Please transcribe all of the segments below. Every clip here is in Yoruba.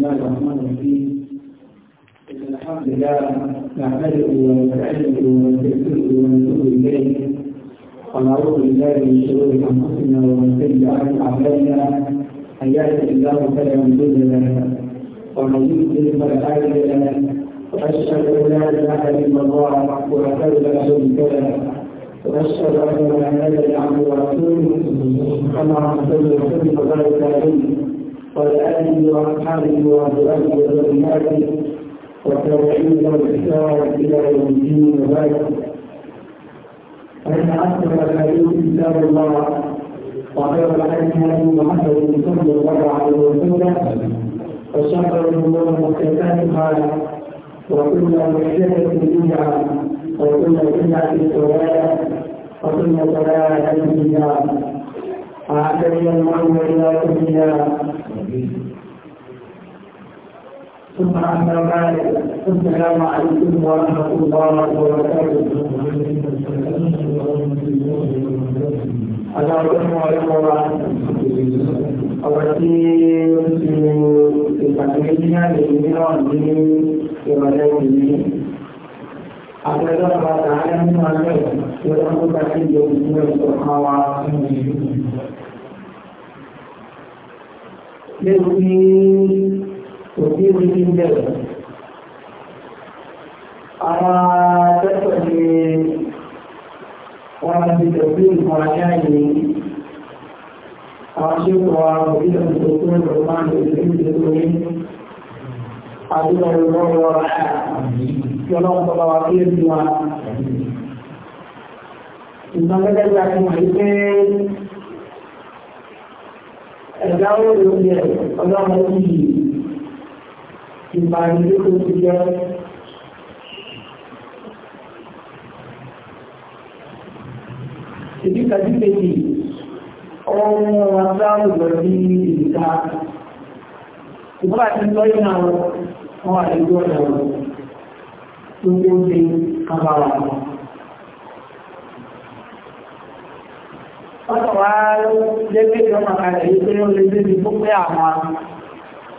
الله الرحمن الرحيم الحمد لله نحمده ونستعينه ونستغفره ونتوب إليه ونعوذ بالله من شرور أنفسنا ومن سيئات أعمالنا أن يهده الله فلا مضل لنا ومن يضلل فلا هادي لنا وأشهد أن لا إله إلا الله وحده لا شريك له وأشهد أن محمدا عبده ورسوله كما صلى وسلم وبارك عليه وآله وأصحابه وأزواجه وذرياته والتابعين والإحسان إلى يوم الدين وبعد فإن أصدق الحديث كتاب الله وخير الحديث محمد صلى الله عليه وسلم وشر الأمور محدثاتها وكل محدثة بدعة وكل بدعة ضلالة وكل ضلالة في النار أعتدنا الله إلى كلنا المرسلين ثم أما بعد السلام عليكم ورحمة الله وبركاته على رحمة الله Ọ̀rọ̀tí ìpàdéjìyà lè mìíràn ní ìrọ̀lẹ́ ìlú. Àpẹẹrẹ ọ̀pàá tààrẹ nínú alẹ́ ìrọ̀lẹ́ ìjọ ìjọ ìjọ ìjọ léwu ní òbí mi ní bẹ̀rẹ̀. Àwọn akẹ́kọ̀ọ́ ni wọ́n ti tẹ̀sí nǹkan ajá yìí. Àwọn ṣètò àwọn òbí mi tó tó ń lọ máa ń lè fi ń lè ẹ̀dá òòrùn yẹ ọlọ́run yìí ìbànújẹ́ tó ti jẹ́ ìdíkàjú méjì ọmọ agbáwùjọ ní ìta ìbúra ti lọ iná wọn wà lójú ọ̀nà wọn tó gbé ń gbé kábàwà wọn ọ̀sọ̀ wá lébé ìjọ màkà rẹ̀ yìí pé ó lè dé ibi tó pé àwọn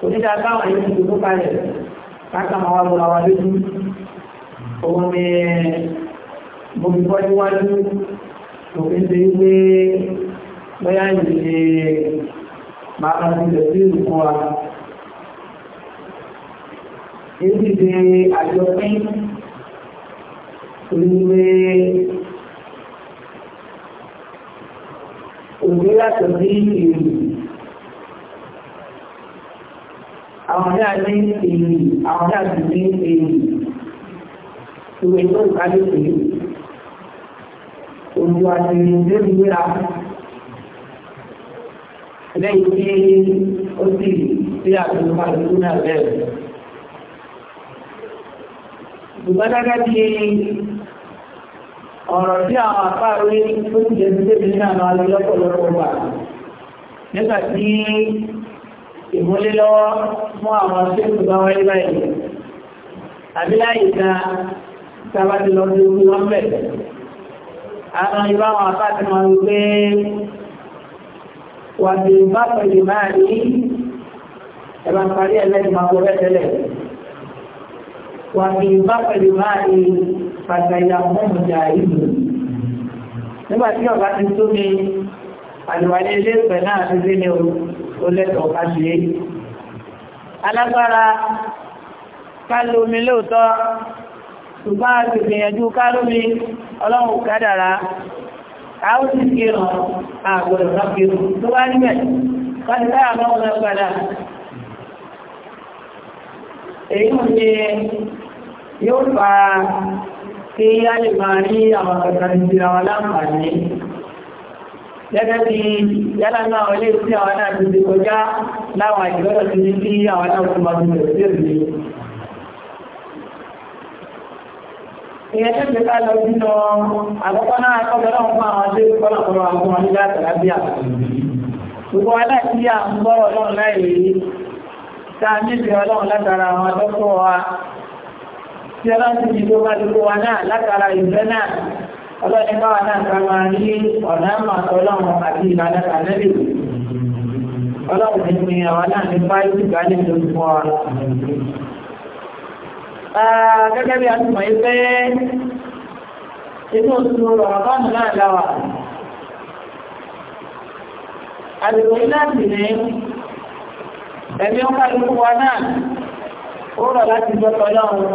onídàá táwọn yìí ti tó kalẹ̀ káàkà máa wá bọ̀lá wa lójú òun ni gbogbo bọ́ níwájú òfin ti wípé bóyá yìí ṣe máa ń fi lè sí ìlú wa èyí ti di àjọpín torí òní yàtọ̀ ní èrì àwọn náà ní èrì àwọn náà sì ní èrì ìwé tó ìkàlẹ̀ pé olùwà ní lórí wíra lẹ́yìn tí ó sì sí ọ̀rọ̀ tí àwọn àpáàrí tó ń jẹ sí débi náà máa lè lọ́pọ̀lọpọ̀ gbà nígbà tí ìmúlélọ́wọ́ fún àwọn tí ó bá wáyé báyìí àbí láyé ta sábàtì lọ sí ogun wọn bẹ̀rẹ̀ àwọn ìbá àwọn àpáàtì pàtàkì àmọ́mọ̀já ìlú nígbà tí ọ̀gá ti tó ní àlùwálé ilé ìfẹ́ náà ti dé ní olẹ́tọ̀ ọ̀ká alágbára kálómi lóòótọ́ ṣùgbọ́n a ti gbìyànjú kálómi ọlọ́run kádàrá èyí yóò kí a lè máa rí àwọn kankan ti ra wọn láǹfààní gẹ́gẹ́ bí yálà náà wọlé sí àwọn náà ti kọjá láwọn àìgbọ́dọ̀ ti ní kí àwọn náà tó máa tún lè rí ìyẹn tó gbẹ́ká lọ nínú àkọ́kọ́ náà kọ́bẹ̀rẹ̀ ọ̀pọ̀ àwọn tó kọ́lọ̀kọ́lọ̀ gbogbo aláìsí à ọlọ́run láìrí tá a ọlọ́run látara àwọn tó wa tí a bá ń tìbí tó bá dúró wa náà látara ìfẹ́ náà ọlọ́ni báwa náà ká máa rí ọ̀nà àmà ọlọ́run àti ìlànà kàlẹ́lì ọlọ́run ní pin àwọn náà ní báyìí ìgbà ní ìdókòwò wa. gẹ́gẹ́ bí a ti mọ̀ pé inú oṣù rọ̀rọ̀bọ́ọ̀nù náà láwà àdìgbò láti ní ẹ̀mí ọkọ̀ ìlú wa náà ó rọ̀ láti gbọ́tọ̀ ọlọ́run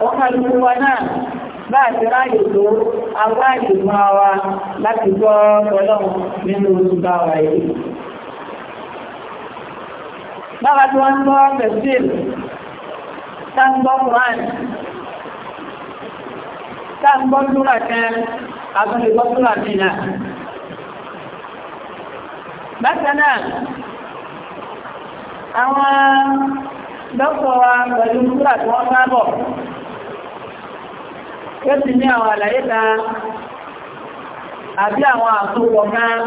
ọkàn ìlú wa náà bá àti ráyè tó agbá ìgbìmọ̀ wa láti gbọ́ ọlọ́run nínú oṣù bá wà yìí. Báwa tí wọ́n gbọ́ Bẹ̀sìl, táǹgbọ́ Quran, táǹgbọ́ Súra kan, àwọn dọ́kọ̀ wa pẹ̀lú Súra tí wọ́n bá bọ̀ yóò ti ní àwọn àlàyé kan àbí àwọn àtúnpọ̀ kan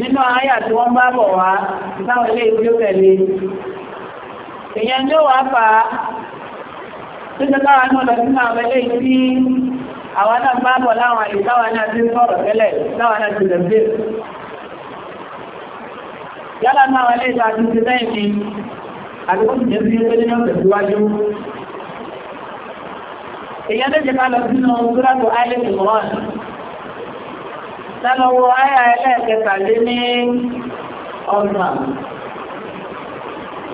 nínú àyà tí wọ́n bá bọ̀ wá láwọn ilé ìlú tẹ̀lé èyàn ló wà fà á tó jẹ́ káwà náà lọ sínú àwọn ilé ìlú àwọn náà bá bọ̀ láwọn ìtawà náà ti sọ̀rọ̀ tẹ́lẹ̀ láwọn náà ti lẹ̀bẹ̀ èyàn tó jẹ ká lọ sínú gúrágù alẹ́ ìmọ̀ràn lọ́wọ́ ayà ẹlẹ́ẹ̀kẹta lé ní ọgbà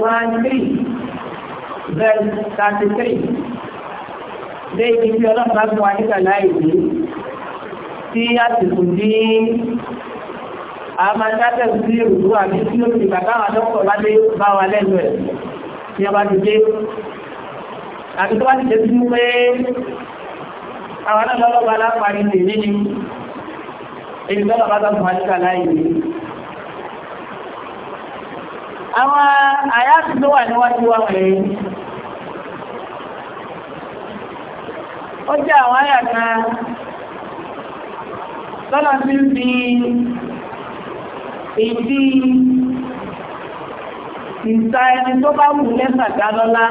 13 verse 33 dé ibi tí ọlọ́pàá fún wa nígbà láìsí tí a ti kù ní àmàjáfẹ́ sí ìrùdú àbí tí ó ti bàbá àwọn àdọ́kọ̀ bá dé bá wa lẹ́nu ẹ̀ àti tó bá ti jẹ́ sí pé àwọn náà lọ́lọ́gbà alápàárí lè ní ní èyí lọ́lọ́ bá tọ́ fún àjíkà láì ní àwọn àyàtì tó wà níwájú wa rẹ̀ ó jẹ́ àwọn àyàtà lọ́lọ́ sí fi ìdí ìta ẹni tó bá wù lẹ́sàdá lọ́lá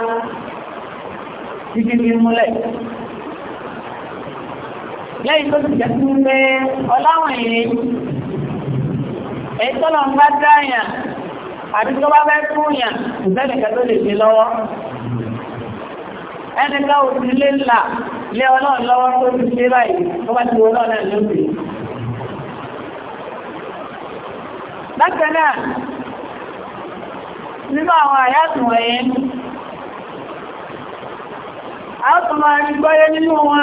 títí fi múlẹ̀. Lẹ́yìn tó ti jẹ́ sí pé ọláwọ̀n yìí, èyí tó lọ ń bá dáyàn, àti tó bá fẹ́ fúnyàn, ìbẹ́nìkan tó lè ṣe lọ́wọ́. Ẹnìkan ò sí lé ńlá lé ọlọ́run lọ́wọ́ tó ti ṣe báyìí, tó bá ti wọ ọlọ́run a tó máa rí gbọ́yé nínú wọn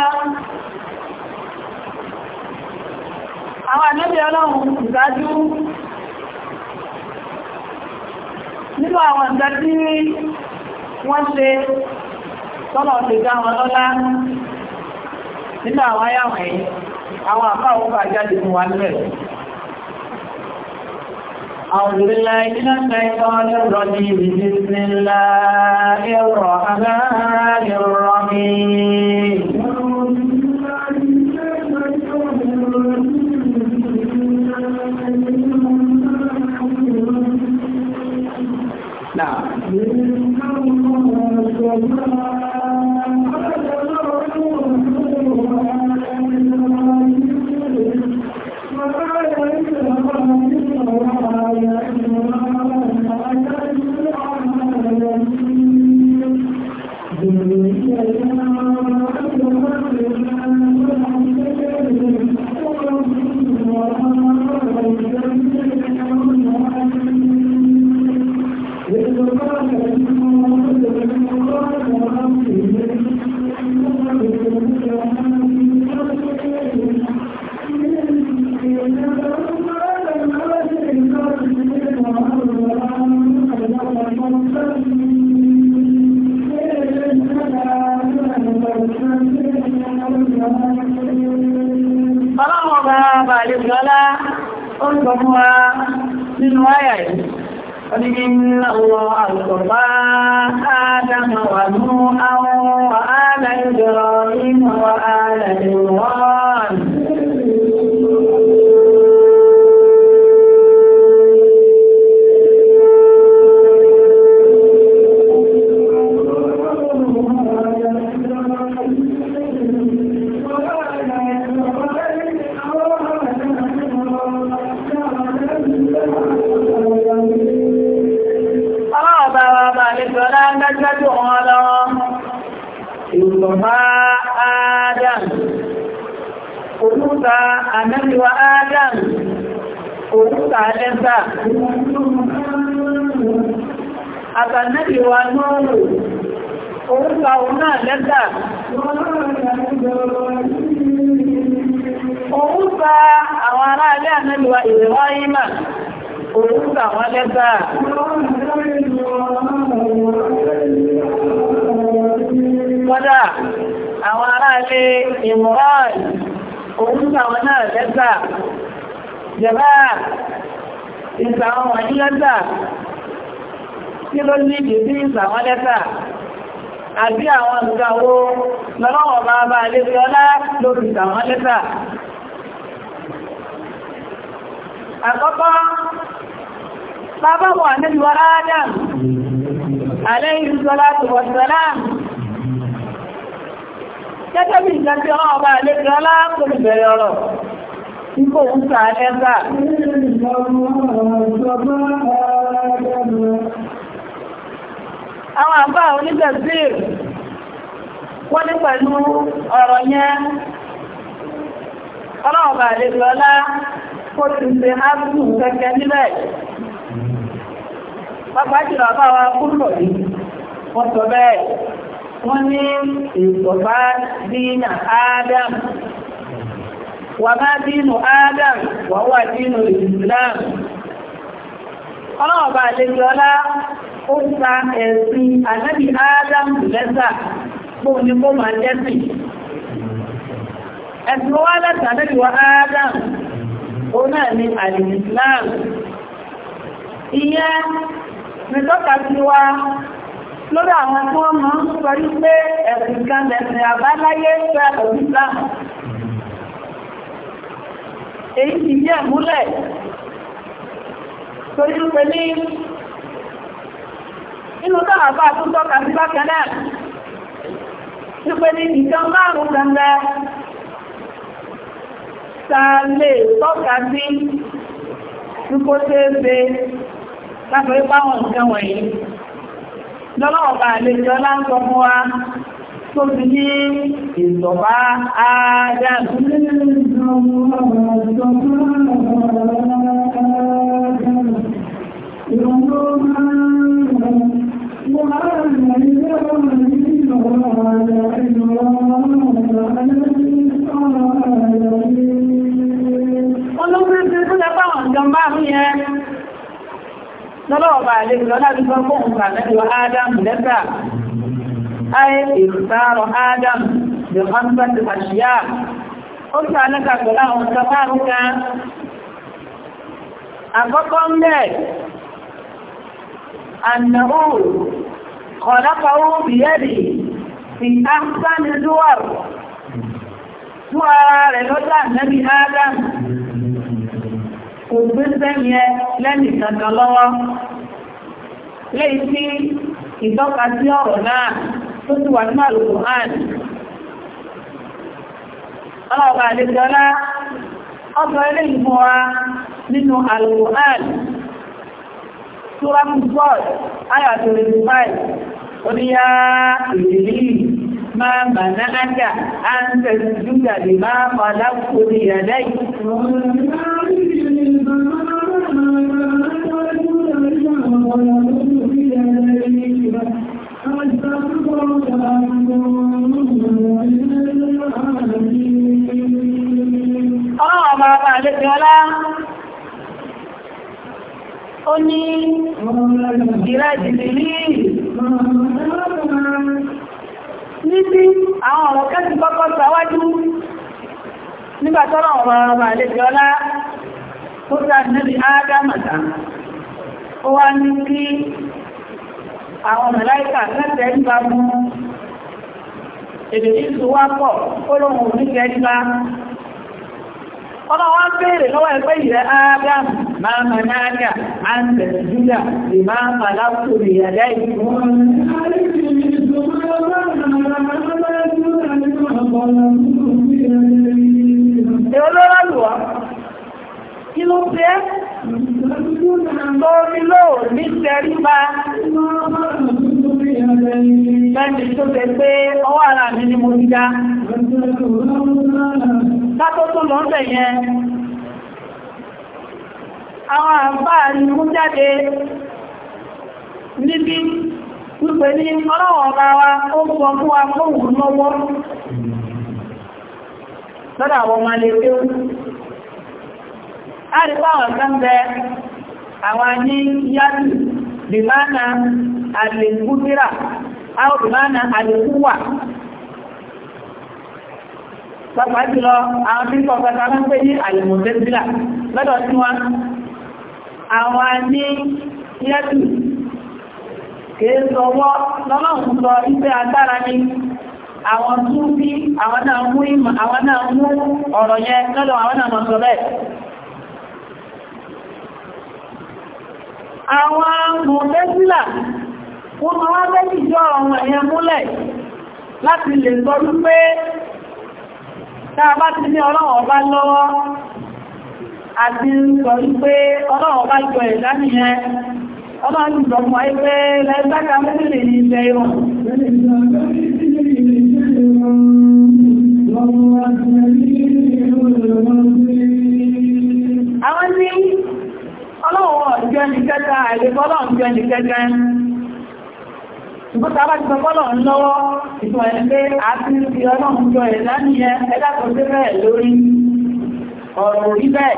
àwọn ànábì ọlọ́run ìdájú nínú àwọn ìdá tí wọ́n ṣe tọ́lọ̀ ti dá wọn lọ́lá nínú àwọn ayáwọn ẹ̀yìn àwọn àpáwọn bá jáde fún wa nílẹ̀ أعوذ بالله من الشيطان الرجيم بسم الله الرحمن الرحيم tó ní ìdí ìsàwọn lẹ́tà àbí àwọn ìgbàwó lọ́wọ́ bá bá lè fi ọlá lórí ìsàwọn lẹ́tà àkọ́kọ́ bábáwọ̀ àníwọ̀ Adam alayhi salatu wa salam gẹ́gẹ́ bí ìjẹ́ tí ọlọ́wọ́ bá lè ń ta ẹgbà. Ẹgbẹ̀rẹ̀ ìjọba ààrẹ àwọn àbá onígbàzír wọ́n ní pẹ̀lú ọ̀rọ̀ yẹn ọlọ́ọ̀bà lè lọ́lá kó ti ṣe ápùsù kẹ́kẹ́ níbẹ̀ pápá jùlọ bá wa kúrò ní wọ́n sọ bẹ́ẹ̀ wọ́n ní ìgbọ̀bá dínà Adam wà má dínú Adam wà wà dínú Islam ọlọ́ọ̀bà lè lọ́lá ó ta ẹ̀sìn ànábì Adam lẹ́sà pò ní kó máa jẹ́sìn ẹ̀sìn wá láti ànábì wa Adam ó náà ní àdìsíláàmù ìyẹn nítọ́ka sí wa lórí àwọn tí wọ́n mọ̀ ń sọ wípé ẹ̀sìn kan lẹ̀sìn àbáláyé fẹ́ ìsìláàmù èyí ti jẹ́ inú tọ́nà bá tún tọ́ka sí bákẹ́lẹ̀ nípe ní ìkan márùn-ún gangan ta tọ́ka sí nípo tí ó ṣe láfẹ́ nǹkan wọ̀nyí lọ́lọ́ọ̀bà lè jọ láńsọ fún wa tó ti ní ìsọ̀bá Adam Ìrùn ló Lọ́lọ́wọ́ bá lè lọ́lá bí sọ fún òun àmẹ́lò Ádámù lẹ́ta, ayé ìrùsáàrọ̀ Ádámù bí wọ́n bá ti àṣíyà. Ó sọ alẹ́kàgbẹ̀lá àwọn sọ márùn-ún kan. Àkọ́kọ́ mẹ́ أنه خلقه بيدي في أحسن الدور سوارة لوتا نبي آدم ògbésẹ́ni ẹ lẹ́nì kankan lọ́wọ́ léyìí tí ìtọ́ka sí ọ̀rọ̀ náà tó ti wà ní àlùkò hàn ọlọ́ọ̀bà àlejò ọlá ọgbọ̀ ilé ìfún wa nínú àlùkò Súra Mùsùlùmí, Ayà 25, oníyá ìrírí máa bà náà jà, a ń tẹ̀sí jújà lè máa padà kò ní ìyàdá yìí. Ọlọ́run ọba ọba àlejò ọlá ó ní ìrẹ́jì lílì níbi àwọn ọ̀rọ̀ kẹ́sì kọ́kọ́ sàwájú nígbàtọ́rọ̀ ọ̀rọ̀ ọ̀rọ̀ àlejò ọlá tó sáà níbi ágámàtà ó wá ní kí àwọn mẹ̀láìkà lẹ́tẹ̀ẹ́ nípa mú èdè ìsúwápọ̀ ó lóhun oníkẹ́ ọmọ wọn bèèrè lọ́wọ́ ẹgbẹ́ ìrẹ́ adam máa mọ̀ náà ní àǹtẹ̀ júlà lè máa mọ̀ lákòrò ìyàlẹ́ ìlú Ìolórọ̀lùwọ́, kí ló ní lóò ní Lẹ́ni tó tẹ pé ọwọ́ ara mi ni mo ti dá. tó lọ ń bẹ̀ yẹn. Àwọn àǹfàà ni mú jáde níbi wípé ní ọlọ́wọ̀n ọba wa ó fún wa fóòwò àwọn ọmọ bìmánà àlèkúdírà àwọn bìmánà àlèkúwà pápá jùlọ àwọn tí kọ̀ pẹ̀lú àwọn pé ní àlèmọ̀tẹ́sílà lọ́dọ̀ tí wọ́n àwọn ní yẹ́tù kìí sọwọ́ lọ́lọ́run sọ iṣẹ́ agbára ní àwọn tún bí àwọn náà mú ọ̀rọ̀ yẹn lọ́dọ̀ àwọn náà mọ̀ sọ bẹ́ẹ̀ àwọn mọ̀tẹ́sílà wọ́n ma wá bẹ́jì jọ ọ̀rọ̀ ẹ̀yẹn múlẹ̀ láti lè sọ wípé tá a bá ti ní ọlọ́wọ̀ bá lọ́wọ́ àti sọ wípé ọlọ́wọ̀ bá jọ ẹ̀dá nìyẹn ọlọ́wọ̀ jùlọ mọ́ ẹgbẹ́ lẹ́gbẹ́ta ọlọ́run ọ̀jẹ́ ní kẹta àìlèkọ́lọ́ ọ̀jẹ́ ní kẹta ti ń lọ́wọ́ ọlọ́run jọ ẹ̀ lánìyàn ẹ̀dàkọ̀ sí bẹ́ẹ̀ lórí ọ̀rọ̀ orí bẹ́ẹ̀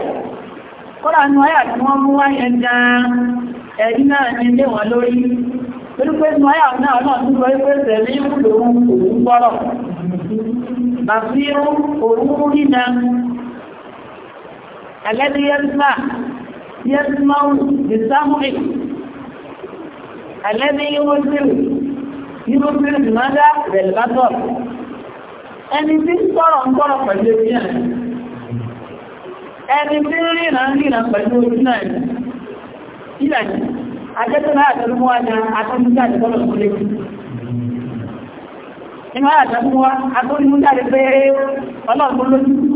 kọ́lá ní ọyà tí wọ́n mú wáyé gan ẹ̀rí náà ní ilé wọn lórí pẹ̀lú pé ní ọyà náà يسمع بسمعه الذي يبصر يبصر ماذا بالبصر ẹni tí ń sọ̀rọ̀ ń sọ̀rọ̀ pẹ̀lú ojú ẹ̀ ẹni tí ń rìnà ń rìnà pẹ̀lú ojú náà ilẹ̀ àjẹ́tọ́lá àtọ́lúmọ́ àjá àtọ́lúmọ́ àjẹ́ tọ́lọ̀ kúlé inú àjẹ́ tọ́lúmọ́ àtọ́lúmọ́ àjẹ́ pé ọlọ́ọ̀kúnlójú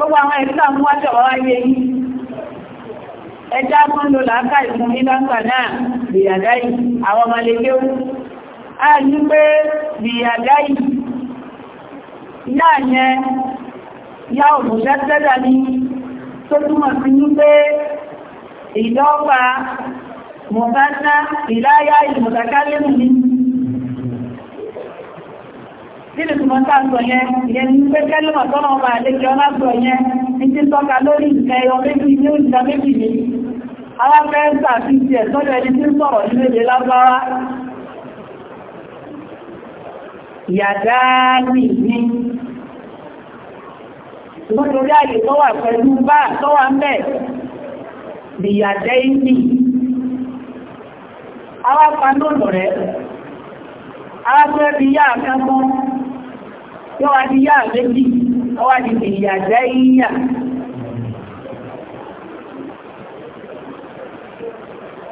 gbogbo àwọn ẹ̀sà mú wájọ̀ wá yé yìí ẹjá kan ló làákà ìfún ní lọ́gbà náà bìyàdá yìí àwọn ọmọ lè léwu a ní pé bìyàdá yìí yáà yẹn yá òmùsẹ́ sẹ́dà ní tó túmọ̀ sí ní pé ìdọ́gba mọ̀tánná ìláyá ìmọ̀tàkálẹ́mù ní nínú tí wọ́n sáà sọ yẹn ìyẹn ní pé kẹ́lọ́mọ̀ tọ́nà ọba àlejò ọlá sọ yẹn ní ti tọ́ka lórí ìgbà ẹyọ méjì ní òjìdá méjì ní aláfẹ́ẹ́sà ti ti ẹ̀ sọ́dọ̀ ẹni tí ń sọ̀rọ̀ nínú èdè lágbára yàdáàlì ní ṣùgbọ́n torí àyè tó wà pẹ̀lú bá tó wà ń bẹ̀ bí yàdẹ́ afẹ́ bí yá kankan tí wá di di ìyà jẹ́ ìyà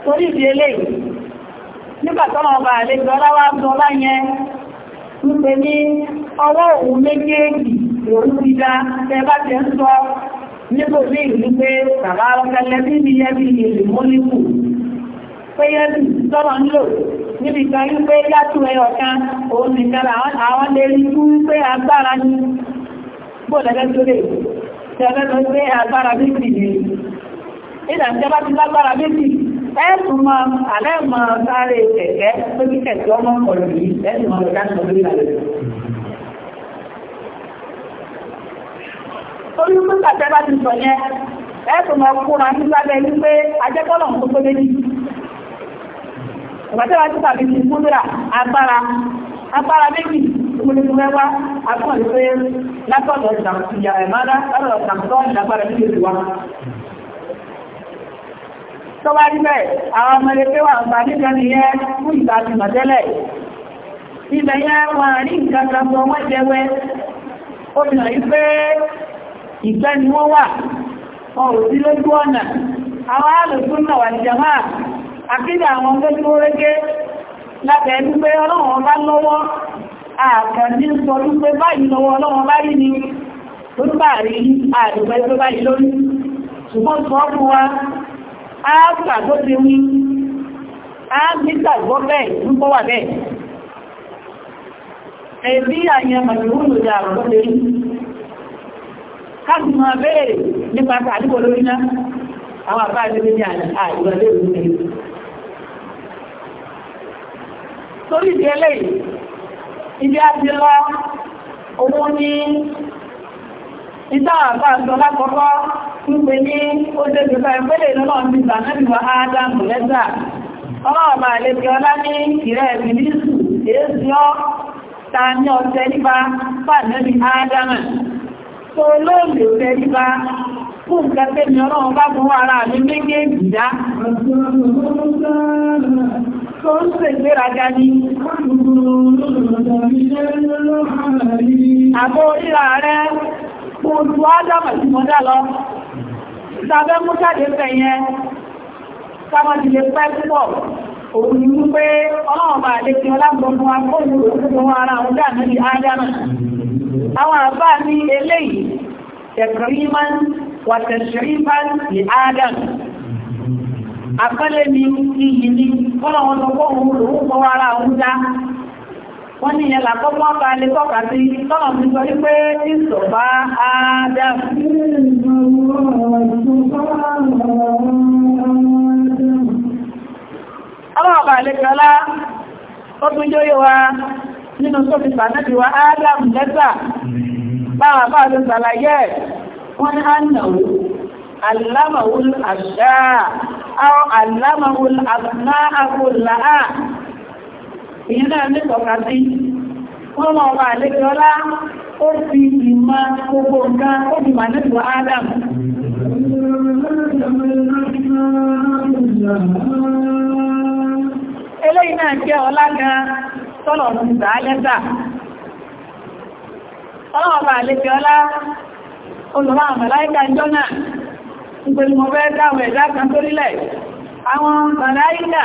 torí ìdí eléyìí nígbà ọba àlejò ọláwà tó bá yẹn ń pè ní ọwọ́ òun méjèèjì òun ti dá tẹ bá ń sọ nígbò ní ìlú pé bí péyẹ́lù tọ́rọ ń lò níbi kan ń pé yàtú ẹyọ kan òun nìkan àwọn lè rí fún pé agbára ní gbọ́dẹ̀gẹ́ tó lè tẹ́lẹ́ lọ pé agbára méjì ni ìdàmìjọba ti lágbára méjì ẹ̀sùn mọ́ alẹ́ mọ́ sáré kẹ̀kẹ́ tó kí kẹ̀kẹ́ ọmọ ọ̀rọ̀ yìí ẹ̀sùn mọ́ ọ̀rọ̀ Olúkúta tẹ́bá ti sọ yẹn, ẹ̀sùn mọ́ kúrò àti lábẹ́ wípé ajẹ́kọ́lọ̀ ń tó pé méjì ìgbàtẹ́wà tí tàbí ti múdúrà agbára agbára méjì ìpolówó mẹ́wá àtúnwò pé látọ̀dọ̀ ìdàmùsíyà ẹ̀mọ́dá látọ̀dọ̀ ìdàmùsọ́ ìdàgbára ní èdè wa tó bá rí bẹ́ẹ̀ àwọn ọmọ ẹgbẹ́ wà ọ̀gbà nígbà nìyẹn fún ìgbà ti mọ̀tẹ́lẹ̀ ibẹ̀ yẹn wọn rí nǹkan kan fún ọmọ ìjẹwẹ́ ó fi hàn pé ìgbẹ́ ni wọ́n wà wọn ò sí lójú ọ̀nà àwọn alùpùpù náà wà ní jàmáà àkídà àwọn gbẹ́gbẹ́ rẹ́gẹ́ lábẹ́ ẹgbẹ́ ọlọ́wọ́n bá lọ́wọ́ àkàndí ń sọ wípé báyìí lọ́wọ́ ọlọ́wọ́n bá rí ni tó bá rí àdùgbẹ́ tó báyìí lórí ṣùgbọ́n sọ fún wa á gbà tó ti wí á gbígbàgbọ́ bẹ́ẹ̀ ń bọ́ wà bẹ́ẹ̀ ẹ̀bí àyẹn màjúwúrù dà àrùn lórí káàkiri máa bẹ́ẹ̀ nípa àdúgbò lórí náà àwọn àbá àdúgbò ní àdúgbò ni torí ìdí eléyìí ibi àti lọ owó ní ìtàwàbà àjọ lákọ́kọ́ ń pè ní ó jẹ́ jùlọ ìpẹ́lẹ̀ lọ́nà ti bà náà wà ádámù lẹ́gbà ọlọ́ọ̀bà àlejò ọlá ní ìrẹ́ ìbìlísù èézi ọ́ ta ní ọ̀tẹ́ nípa pàdánù ádámù tó lóòlè ọ̀tẹ́ nípa fún ìgbàtẹ́ mi ọlọ́run bá fún ara mi méjèèjì dá tó ń ṣe ìgbéraga ní àbò ríra rẹ̀ kò jù ádámà sí mọ́dá lọ ìtàbẹ́ mú jáde fẹ̀yẹ sáwọ́dì lè pẹ́ púpọ̀ òun ni wípé ọlọ́run bá lè fi ọlágbọ̀n wa kóòrò òkúrò ara àwọn dáàmà ní ádámà àwọn àbá ní eléyìí tẹ̀kọ̀rí máa ń wàtẹ̀ṣẹ̀rí máa ń àpẹẹlẹ ni iyì ni kọ́nà wọn tó kọ́ òun lòun kọ́ ara òun dá wọ́n ní ìyẹn làkọ́kọ́ bá lè tọ́ka sí tọ́nà ti sọ wípé ìsọ̀bá ádámù. ọlọ́wọ́ bá lè jọlá ó tún jóyé wa nínú tó fi sànẹ́bí wa ádámù lẹ́sà báwa bá lè sàlàyé wọ́n ní á nà علمه الأشياء أو علمه الأسماء كلها ìyínà ní ọ̀ká sí wọ́n mọ̀ ọba àlékiọlá ó fi ìmọ̀ gbogbo nǹkan ó fi mà nípa Adam eléyìí náà jẹ́ ọlá gan tọ́lọ̀ ti dà á lẹ́sà ọlọ́ọ̀bà àlékiọlá olùwà àmàláìkà ìjọ náà nígbè ni mo fẹ́ dáwọn ẹ̀dá kan sórílẹ̀ àwọn màláíkà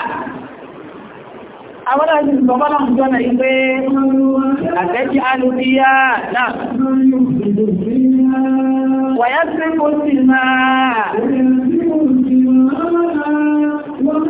àwọn ọ̀sìn bọ̀bọ́lọ̀ jọna ìgbé àtẹ́jì alùbíyà náà wàyá sí kò sí máa Wọ́n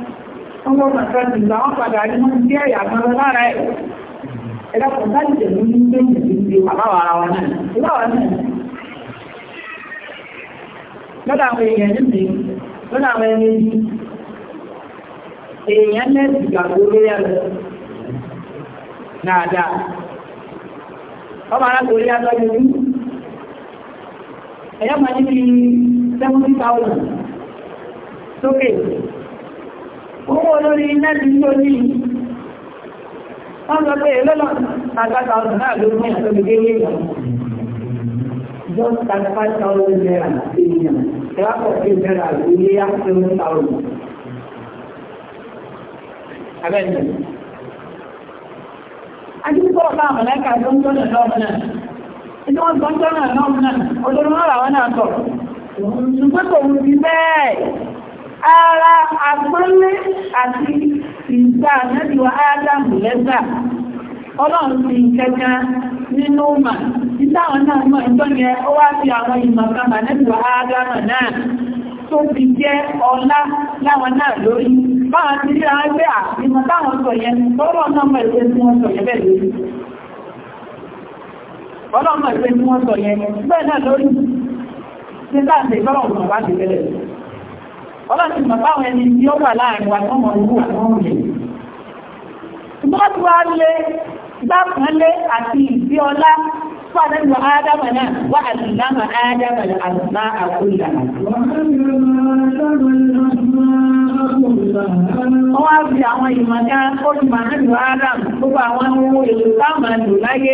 ọmọ màtà ti gbà wọ́n padà rí wọ́n bí ẹ̀yà kan lára ẹ̀ ẹ̀dá kò bá ti tẹ̀lé ní ilé ìdíje àbáwọ̀ ara wa náà ìbáwọ̀ náà lọ́dọ̀ àwọn èèyàn níbi lọ́dọ̀ àwọn ẹni ní èèyàn mẹ́sì gbàgbó lórí ẹ̀rọ dáadáa ọmọ 70,000 owó olórí nẹ́ẹ̀lì ní orí wọ́n lọ pé lọ́lọ́ àgbàta ọdún náà ló ní àtọ́gbẹ̀gẹ́ ní ìgbà just 35,000 naira sí ìyàn ẹ̀wà pọ̀ sí ìbẹ̀rẹ̀ àgbélé á 7,000 abẹ́ni Adúgbò ọ̀pá àmàlẹ́kà tó ń tọ́nà lọ́mọ́nà. Ìdí wọ́n tọ́nà lọ́mọ́nà, olórin wọ́n rà wọ́n náà tọ̀. Ṣùgbọ́n tòun ti ara agbélé àti ìgbà mẹ́bíwá ádámù lẹ́gbà ọlọ́run ti kẹta nínú mà ìtàwọn náà mọ̀ ìtọ́ni ẹ ó wá sí àwọn ìmọ̀kàmà mẹ́bíwá ádámù náà tó fi jẹ́ ọlá láwọn náà lórí báwọn ti rí àwọn ẹgbẹ́ àfihàn sọ yẹn tọ́rọ tí wọ́n sọ yẹn bẹ́ẹ̀ náà lórí ti ọlọ́sìn mọ̀ báwọn ẹni tí ó wà láàrin wa tọ́mọ ìlú àwọn òye ṣùgbọ́n tí wá lé gbákanlé àti ìdí ọlá fàdánù ádámà náà wà àtìlámà ádámà àtìlá àkúlà wọ́n wá fi àwọn ìmọ̀ká olùmọ̀ àdánù ádámà gbogbo àwọn ohun èlò táwọn àdùn láyé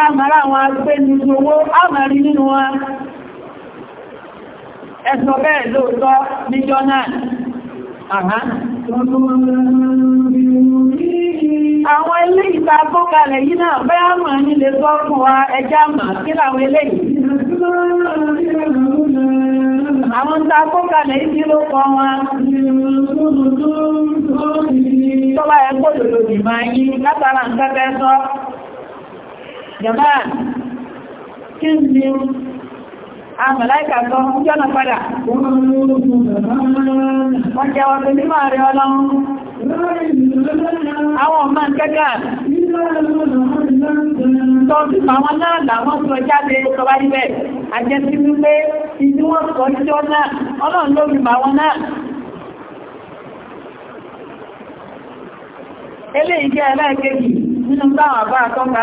àmàrà àwọn agbé nínú owó àmàrí nínú wọn ẹ̀sọ bẹ́ẹ̀ lóòtọ́ ní náà àhá àwọn ilé ìta kókalẹ̀ yìí náà bẹ́ àmà nílé sọ́kùn wa ẹjá mà kí láwọn ilé àwọn ta kókalẹ̀ yìí ló kọ wọn látara ń sọ́ jọba kí n ní àmàláìkà sọ jọ́nà padà wọ́n jẹ́ wọ́n tó ní máa rí ọlọ́run àwọn ọmọ kẹ́kẹ́ tó ti àwọn náà làwọn sọ jáde sọba níbẹ̀ àjẹ́ wípé ìdí wọ́n sọ jọ náà ọlọ́run ló àwọn náà eléyìí jẹ́ ẹlẹ́ẹ̀kejì nínú báwọn àbá àtọ́ka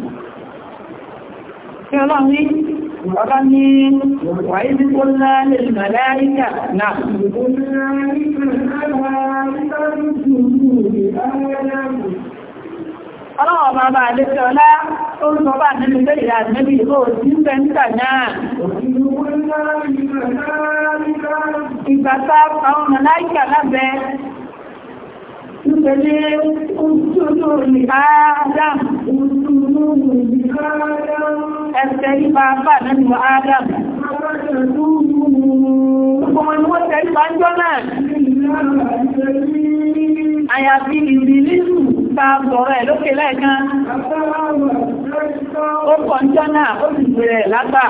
kí ọlọ́run ní ọba ní wàíbí kó ńlá lè màláríkà náà ọlọ́wọ́ ọba bá àdéṣẹ́ ọlá tó ń sọ bá nínú ilé ìlà àdínẹ́bì ìbò tí ń bẹ níta náà ìgbàta àwọn màláríkà lábẹ́ Nítorí ojú olóòrùn ẹ̀sẹ̀rí bá bá nínú Adam. Gbogbo ni wọ́n tẹ̀rí bá ń jọ náà. Àyàfi ìrì nínú ta sọ̀rọ̀ ẹ̀ lókè lẹ́ẹ̀kan. Ó kọ̀ ń jọ náà, ó sì bẹ̀rẹ̀ látà.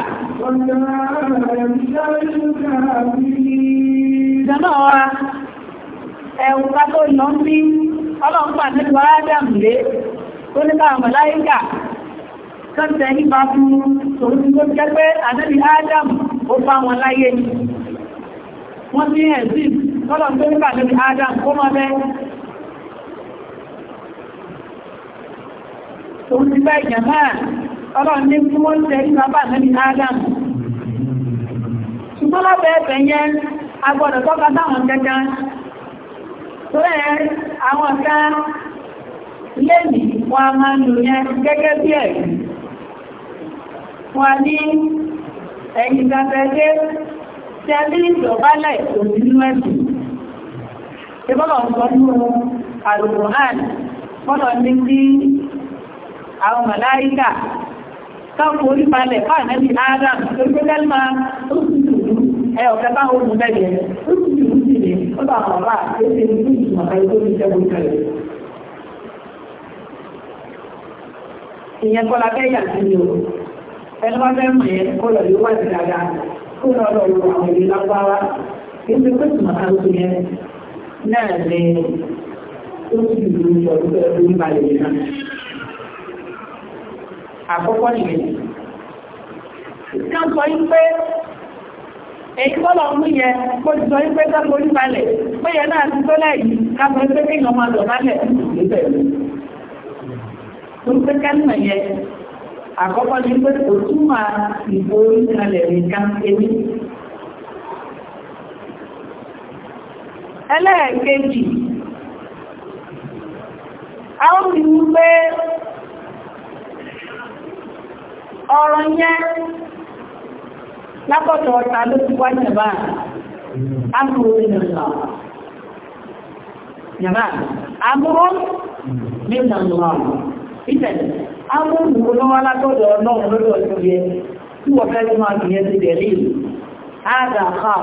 Ìjọba wa, ẹ̀wù ká tó lọ ń bí, ọlọ́pàá nínú Adam lé, ó ní káwọn mọ̀láyíkà kọ́ntẹ̀ nípa fún òun tó jẹ́ pé àdẹ́bì Adam ó bá wọn láyé ni wọ́n ti yẹn sí tọ́lọ̀ tó nípa àdẹ́bì Adam kó mọ́ bẹ́ òun ti bẹ́ ìjàmá tọ́lọ̀ ní kí wọ́n tẹ́ bá àdẹ́bì Adam ṣùgbọ́n lábẹ́ ẹ̀fẹ̀ yẹn agbọ́dọ̀ tọ́ka táwọn kẹta tó ẹ̀ àwọn kan lẹ́yìn wọn a máa ń lò yẹn gẹ́gẹ́ bí ẹ̀rí wọ́n ní ẹ̀yìn gbàgbẹ́gbẹ́ tí a ní ìjọbálẹ̀ òmìnú ẹ̀sìn tí bọ́lọ̀ ń sọ ní àrùn bọ́lọ̀ ní sí àwọn màláíkà káàkó orí balẹ̀ fáànẹ́bí adam tó gbé lẹ́lmà ó sì tùrù ẹ ọ̀kẹ́ bá ohun bẹ́ẹ̀ ó sì tùrù sí ni ó bá wà wà tó ṣe ní ìjùmọ̀ kan tó ní jẹ́gun kẹrẹ ìyẹn kọ́lá bẹ́ẹ̀ yà sí ni o ẹni wá fẹ́ mọ̀ yẹn kó lọ yóò wá sí dáadáa kó lọ lọ wo àwọn ìlú lágbára ibi tó sì máa tó yẹn náà ní ó sì lù ú lọ lórí ẹgbẹ́ ní balẹ̀ yìí náà. Àkọ́kọ́ nìyẹn. Kan sọ yí pé èyí tọ́lọ̀ mú yẹ kó ti sọ yí pé sáfò ní balẹ̀ pé yẹn náà ti tó láì yìí káfọ pé kéèyàn máa lọ balẹ̀ nígbà yìí. Tó ń pé kánú yẹn àkọ́kọ́ ní pé kò túmọ̀ ìbò ìrìnlẹ̀ nìkan èmi ẹlẹ́ẹ̀kejì a ó ti mú pé ọ̀rọ̀ yẹn lápọ̀tọ̀ ọ̀tà ló ti wá jẹ̀bá àmúrò nìlọ jẹ̀bá àmúrò nìlọ ìtẹ̀lẹ̀ àwọn olùgbòlówà látọ̀dọ̀ ọlọ́run lọ́dọ̀ tó yẹ tí wọ́n fẹ́ máa fi yẹn ti tẹ̀lé ìlú ága ha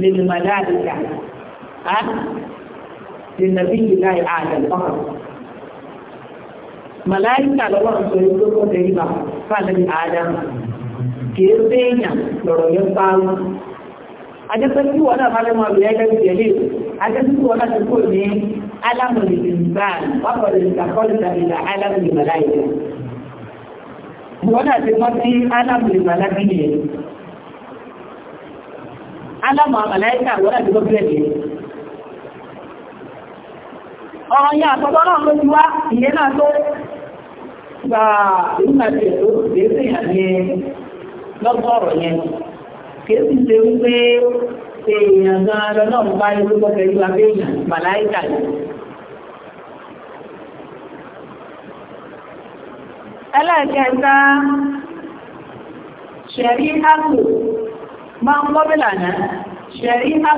nínú màdáàdìkà á nínú bí ìlà àgbà ọ̀hún màláìkà lọ́wọ́ ń sọ ìlú tó tẹ̀lé bá fàlẹ́ kìí séèyàn lọ́rọ̀ yẹn bá wọn ajẹ́sẹ́sí wọn náà máa mọ̀ ẹ̀yẹ́ ìjẹ̀lé ajẹ́sẹ́sí wọn náà ti kò ní alámọ̀lì ìgbà wákọ̀lẹ̀ ìtàkọ́lẹ̀ ìlà alámọ̀lì màláìkà wọn náà ti mọ́ sí alámọ̀lì màláìkà yẹn alámọ̀ màláìkà wọn náà ti kọ́ bílẹ̀ yẹn ọ̀rọ̀ yẹn àtọ́gbọ́n náà ló ti wá kéèkì ṣe wípé èèyàn gan-an lọ́nà bá ní orúkọ pẹ̀lú abéèyàn màláìkà ẹlẹ́ẹ̀kẹta ṣẹ̀rí máa ń ṣẹ̀rí náà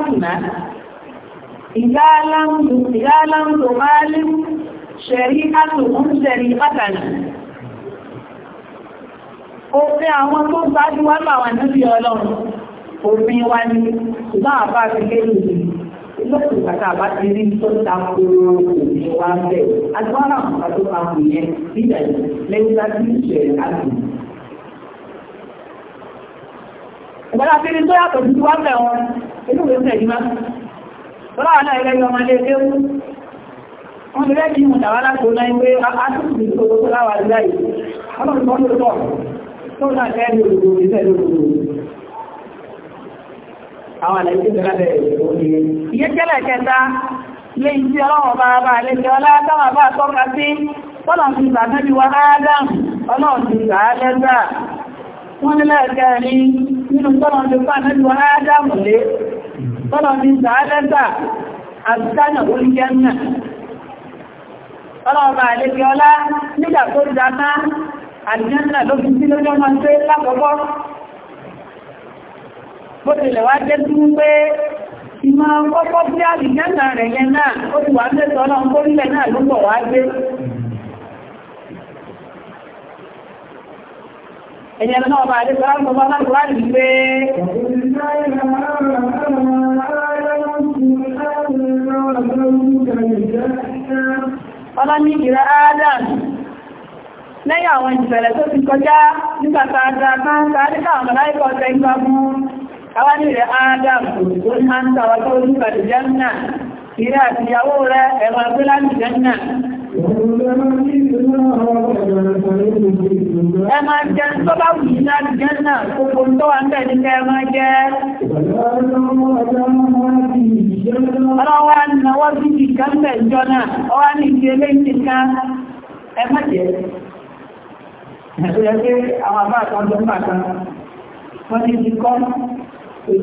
ṣẹ̀rí ń ṣẹ̀rí òfin àwọn tó ọlọ́run òfin wa ni ṣùgbọ́n àbá fi lé ìlú lókè kàtà bá ti rí tó ta ko òfin wa bẹ̀ agbára àwọn àti àwọn yẹn nígbà yìí lẹ́yìn láti ìṣẹ̀lẹ̀ àti. ìgbàlá fi ní tó yàtọ̀ sí wá bẹ̀ wọn inú ìwé sẹ̀yìn má. Tọ́lá wà náà ẹlẹ́yìn ọmọ ilé ẹgbẹ́ wọn lè rẹ́jì ìmọ̀ tàwà láti ọ̀nà ìwé àtúntò ìṣòro tó láwà láì. Ọlọ́run tó ń lò tọ̀ tó náà àwọn àlàyé tó gbẹ́lá wa Adam ọlọ́run ti sàálẹ́gbà wọ́n nílẹ̀ kẹrin nínú tọ́lọ́run ti sàtẹ́bí wa Adam lé tọ́lọ́run ti sàálẹ́gbà àtìkáyàn oríkẹ́ náà ọlọ́run bá bó wá jẹ́ tún pé ìmọ̀ kọ́kọ́ bí àrìjẹ́nà rẹ̀ yẹn náà ó ti wà mẹ́sọ̀ náà kórílẹ̀ náà ló bọ̀ wá gbé ẹ̀yẹ náà bá adé sọ́rọ̀ sọ́rọ̀ lẹ́yìn àwọn ìṣẹ̀lẹ̀ tó ti kọjá nígbàtà àdá kan sáré káwọn mọ̀láìkọ̀ ìgbàmú káwá ní ilẹ̀ Adam tó ní máa ń tàwà tó ní pẹ̀lú jẹ́mìnà ìrẹ àti ìyàwó rẹ ẹ̀mà tó láti jẹ́mìnà ẹ̀mà jẹ́ tó bá wù ní láti jẹ́mìnà gbogbo tó wà ń bẹ̀ ní kẹ́ẹ̀mà jẹ́ ọlọ́wà náwọ́ sí ìkàmbẹ̀ jọ náà ọwá ní ìdílé òbí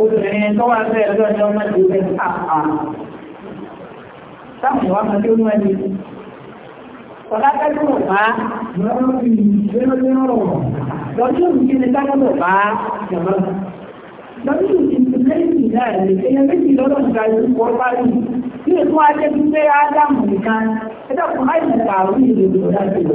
obìnrin tó wà bẹ́ẹ̀ lọ́jọ́ ní ọmọ ìlú bẹ́ẹ̀ àpá táwọn ìwà máa tó mọ́ ẹni ọ̀látẹ́gbọ̀n bá lọ́jọ́ òbí ní tágbọ̀n bá jọ̀lọ́ lọ́jọ́ òbí ní lẹ́yìn náà lè fẹ́yẹ méjì lọ́dọ̀ ìgbà ìrúkọ parí bí ètò ajé pípé ádámù nìkan ẹ̀dọ́kùn láì mẹ́ta àwọn ìlú ìlú ọ̀dá ìlú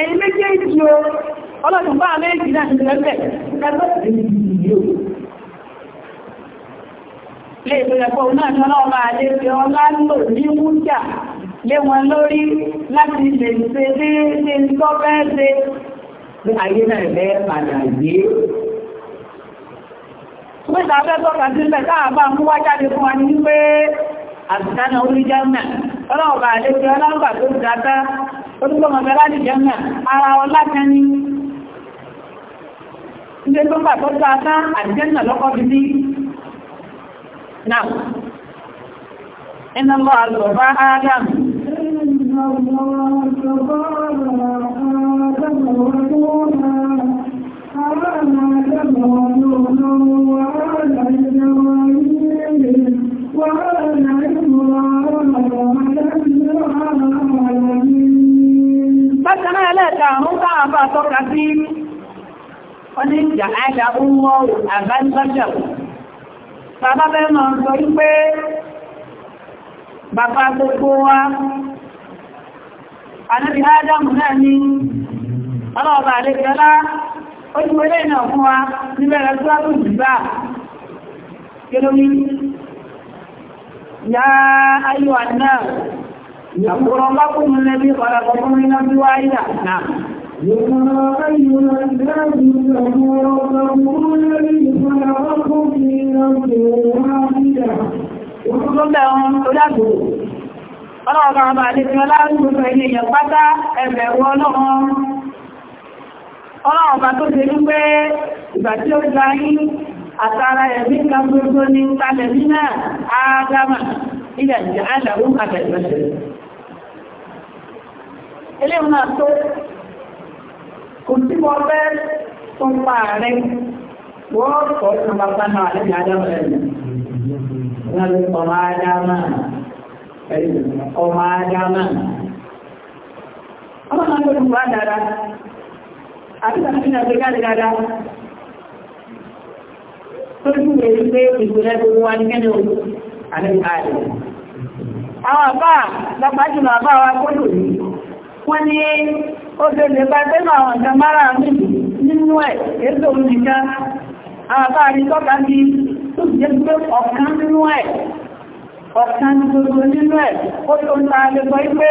ẹni méjèèjì o ọlọ́dún bá méjì náà ti lẹ́fẹ̀ lè ìpìlẹ̀pọ̀ náà ní ọlọ́ọ̀bá alẹ́ fi ọlá lò ní wújà lé wọn lórí láti lè ṣe déédé tó fẹ́ ṣe pé ayé náà lẹ́ padà yé Pẹ́ta fẹ́ tọ́ka sílẹ̀ káàbà mú wájáde fún wa ní pé àtìkánà orí jẹ́mà ọlọ́ọ̀bà àdékẹ́ ọlọ́ọ̀bà tó dáta olúgbọ́mọ̀bẹ̀ láti jẹ́mà ara wọn látẹni ilé tó bà tó dáta àjẹ́mà lọ́kọ́ bíbí náà iná lọ àlọ́bá adam Àwọn àmàdàmọ̀ ọ̀nà ọ̀nà wà láìjẹ́ wà ní ilé Bákan náà lẹ́ẹ̀ta àwọn táwọn bá tọ́ka sí wọ́n ní ìjà àìdá ọmọ àbájúbájá. Bàbá bẹ́ẹ̀ máa sọ wípé bàbá gbogbo wa, ànábì Ádámù náà ní ọlọ́ọ̀bà àlejọ́lá, ó ti wọlé ìnà fún wa níbẹ̀rẹ̀ يا أيها الناس اذكروا ربكم الذي خلقكم من نفس واحدة نعم يا أيها الناس اذكروا ربكم الذي خلقكم من نفس واحدة وكل لهم ثلاثه Ọlọ́ọ̀bá ọba àdéjọ́ láàrùn ìgbẹ̀rẹ̀ ènìyàn pátá ẹgbẹ̀rún ọlọ́run. Ọlọ́ọ̀bá tó ṣe ní pé ìgbà tí ó gbá yìí àtàrà ẹ̀mí kan gbogbo ní kalẹ̀ ní náà ádámà ilẹ̀ ìjẹ́ àdàrú àtẹ̀lẹ́sẹ̀ eléhùn náà tó kò tí wọ́n fẹ́ tó ń pa ààrẹ wọ́n kọ́ tó ń bá náà àti àdámà ẹ̀mí wọ́n lè ọmọ ádámà dára àti àti àti àti àti tó ń gbé wípé ìpínlẹ̀ gbogbo wa ní kẹ́lẹ̀ òun àti ààrẹ. Àwọn àbá lápájùlọ àbá wa kọ́lù ní wọ́n ní ó ṣe lè bá tẹ́lú àwọn ǹkan mára nínú ẹ̀ èso nìkan. Àwọn àbá rí tọ́ka bí tó jẹ́ pé ọ̀kan nínú ẹ̀ ọ̀kan gbogbo nínú ẹ̀ ó tó ń ta lè sọ pé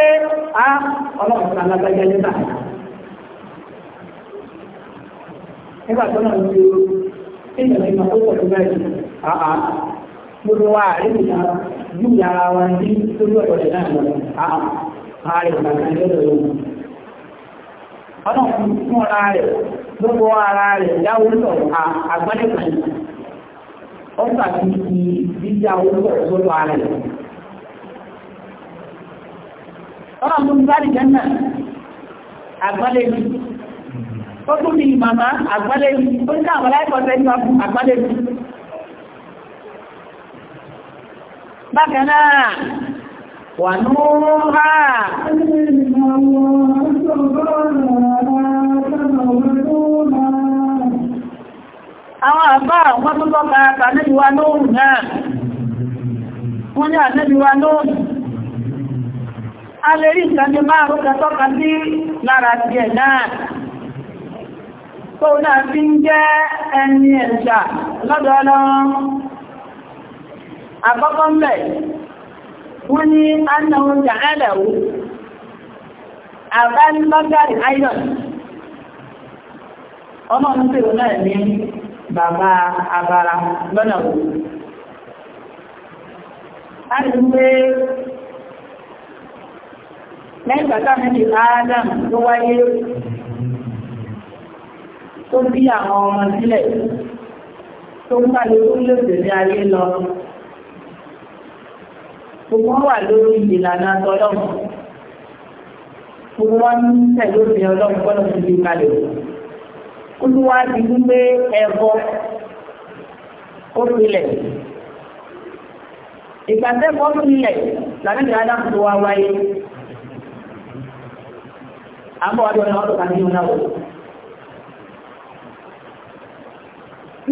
nígbà tí wọ́n pọ̀ tó báyìí àà gbogbo wa àrí ìta yóò yára wa ní lórí ọ̀dọ̀ náà lọ àà ààrẹ ìgbàgbà lọ́dọ̀ yóò ọ̀nà fún ọ̀rá rẹ̀ gbogbo ara rẹ̀ yáwó lọ àgbádẹ́kùn ọ̀sà ti fi jíjá owó lọ́dọ̀ ara rẹ̀ ọ̀nà fún gbádìjẹ́ náà àgbádẹ́kùn ó tún ní màmá àgbálẹ́rù ó ní àwọn aláìkọ́sẹ́ ní ọkùn àgbálẹ́rù bákanáà wà núúrà àwọn àbá wọ́n tó lọ́pàá àtàlẹ́bíwá lóòrùn náà wọ́n ní àtàlẹ́bíwá lóòrùn a lè rí ìtàjẹ márùn-ún kẹtọ́ka sí lára ti ẹ̀ náà tó fi ń jẹ́ ẹni ẹ̀ṣà lọ́dọ̀ àkọ́kọ́ mẹ́ wọ́n ní annáwọn jàálẹ̀wò àbálọ́gbàrí iron ọmọ ọdún pèrò náà ní bàbá abara lọ́nà a rí pé lẹ́yìn mẹ́rin tó bí àwọn ọmọ sílẹ̀ tó ń pàdé ó lòdì ní ayé lọ gbogbo wà lórí ìlànà tọlọ́mù gbogbo wọn ń tẹ̀lé òfin ọlọ́mù gbọ́dọ̀ tó di kalẹ̀ olúwa ti ń gbé ẹbọ ó filẹ̀ ìgbà tẹ́kọ̀ọ́ filẹ̀ làbẹ́bẹ̀rẹ̀ adáàbò tó wá wáyé àbọ̀ ọdún ọdún kan ní ọ̀nà òkú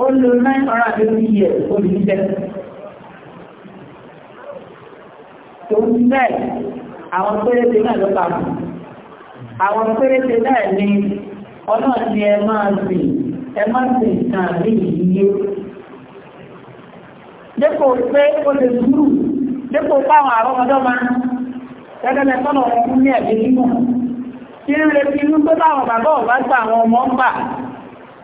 ó lo 930 years olùdíjẹ́ tó ń bẹ́ẹ̀ àwọn péréte náà ló pàpù àwọn péréte náà ni ọlọ́run ni ẹ máa sìn ẹ máa sìn kan ní ìyíyé dépò pé ó lè dúró dépò páwọn àwọn ọmọdọ́mà gẹ́gẹ́gẹ́ tọ́nà ọkùnrin ẹ̀bí nínú kí ń retí inú pé báwọn bàbá ọ̀bá gbà àwọn ọmọ ń bà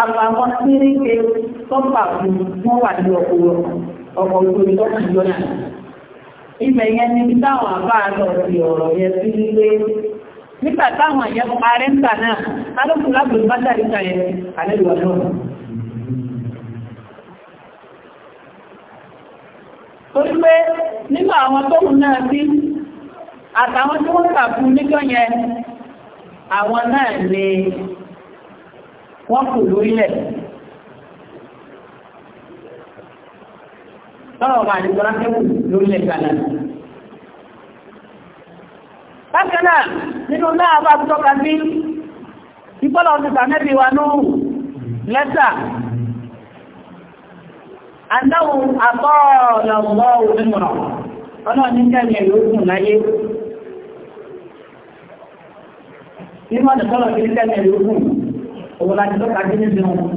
àpapọ̀ péréke tọ́pà fún wọ́n wà ní ọkọ̀ ọkọ̀ ojú omi tọ́pà yọ náà. Ibẹ̀ yẹn ni táwọn àbá lọ sí ọ̀rọ̀ yẹn sí nílé. Nígbà táwọn àyẹ̀ parẹ́ ńgbà náà, alókùn lábùrú bá dàrí kan yẹn àlẹ́ ìwà náà. Torí pé nínú àwọn tóun náà sí àtàwọn tí wọ́n kà fún níjọ́ yẹn, àwọn náà lè wọ́n kò lórílẹ̀ tọ́rọ ọba àdìgbọ́lá kẹ́kù lórílẹ̀ gbàdà bákan náà nínú náà bá tọ́ka sí ìgbọ́lọ̀ ọdún tàbí wa ní lẹ́tà àdáwò àbọ́ọ̀lọ̀gbọ́ òmìnira ọlọ́ọ̀ni kẹ́mẹ̀ lókùn láyé nínú ọdún tọ́lọ̀ sí kẹ́mẹ̀ lókùn owó láti lọ́ka dé níbi wọn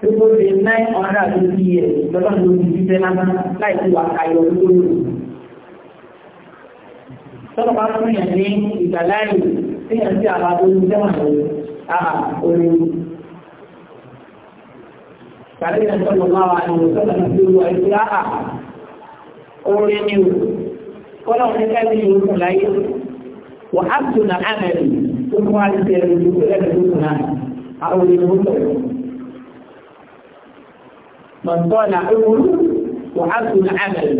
gbogbo ṣe nine hundred and fifty na lọ́dọ̀ ló ti fi tẹ́lá láì sí wà káyọ̀ lórí sọ́dọ̀ bá fún yẹn ní ya ala ndị na wà ní orí ni o ní láyé wà á tún tó kọ́ àti àwọn olùgbò mọ̀tọ́nà ẹwùrú wà á tún àmàlì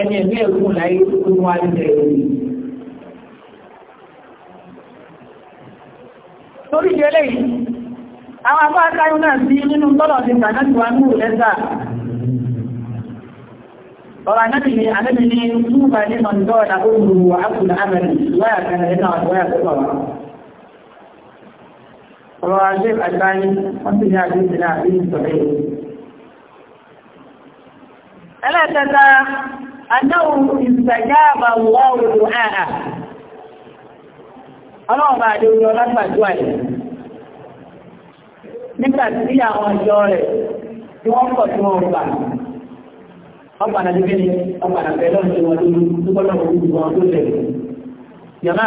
ẹni ẹ̀mí ẹ̀kún láyé tó wá ní ẹ̀rọ torí jẹ́lẹ̀ yìí àwọn afọ́ akáyún náà sí nínú tọ́lọ̀ ti tànáàtì wá ní ìrẹ́sà ọ̀rọ̀ anábì ni túnbà ní mọ̀tọ́nà ẹwùrú wà á tún àmàlì wáyà ọ̀rọ̀ ajé àtàrí wọ́n ti ní àdíjì náà bí i sọ̀rọ̀ èyí. ẹlẹ́tẹ̀ta adáwò ìsàgáàbà wọ́ọ̀rọ̀ àà ọlọ́ọ̀bà àdéhùn ọlọ́pàá nígbà tí àwọn ọjọ́ rẹ̀ tí wọ́n pọ̀ tí wọ́n gbà ọgbà náà débẹ̀ ni ọgbà náà bẹ̀rẹ̀ lọ́nà tí wọ́n lórí tó gbọ́dọ̀ wọ́n lórí wọn tó lẹ̀ yàmá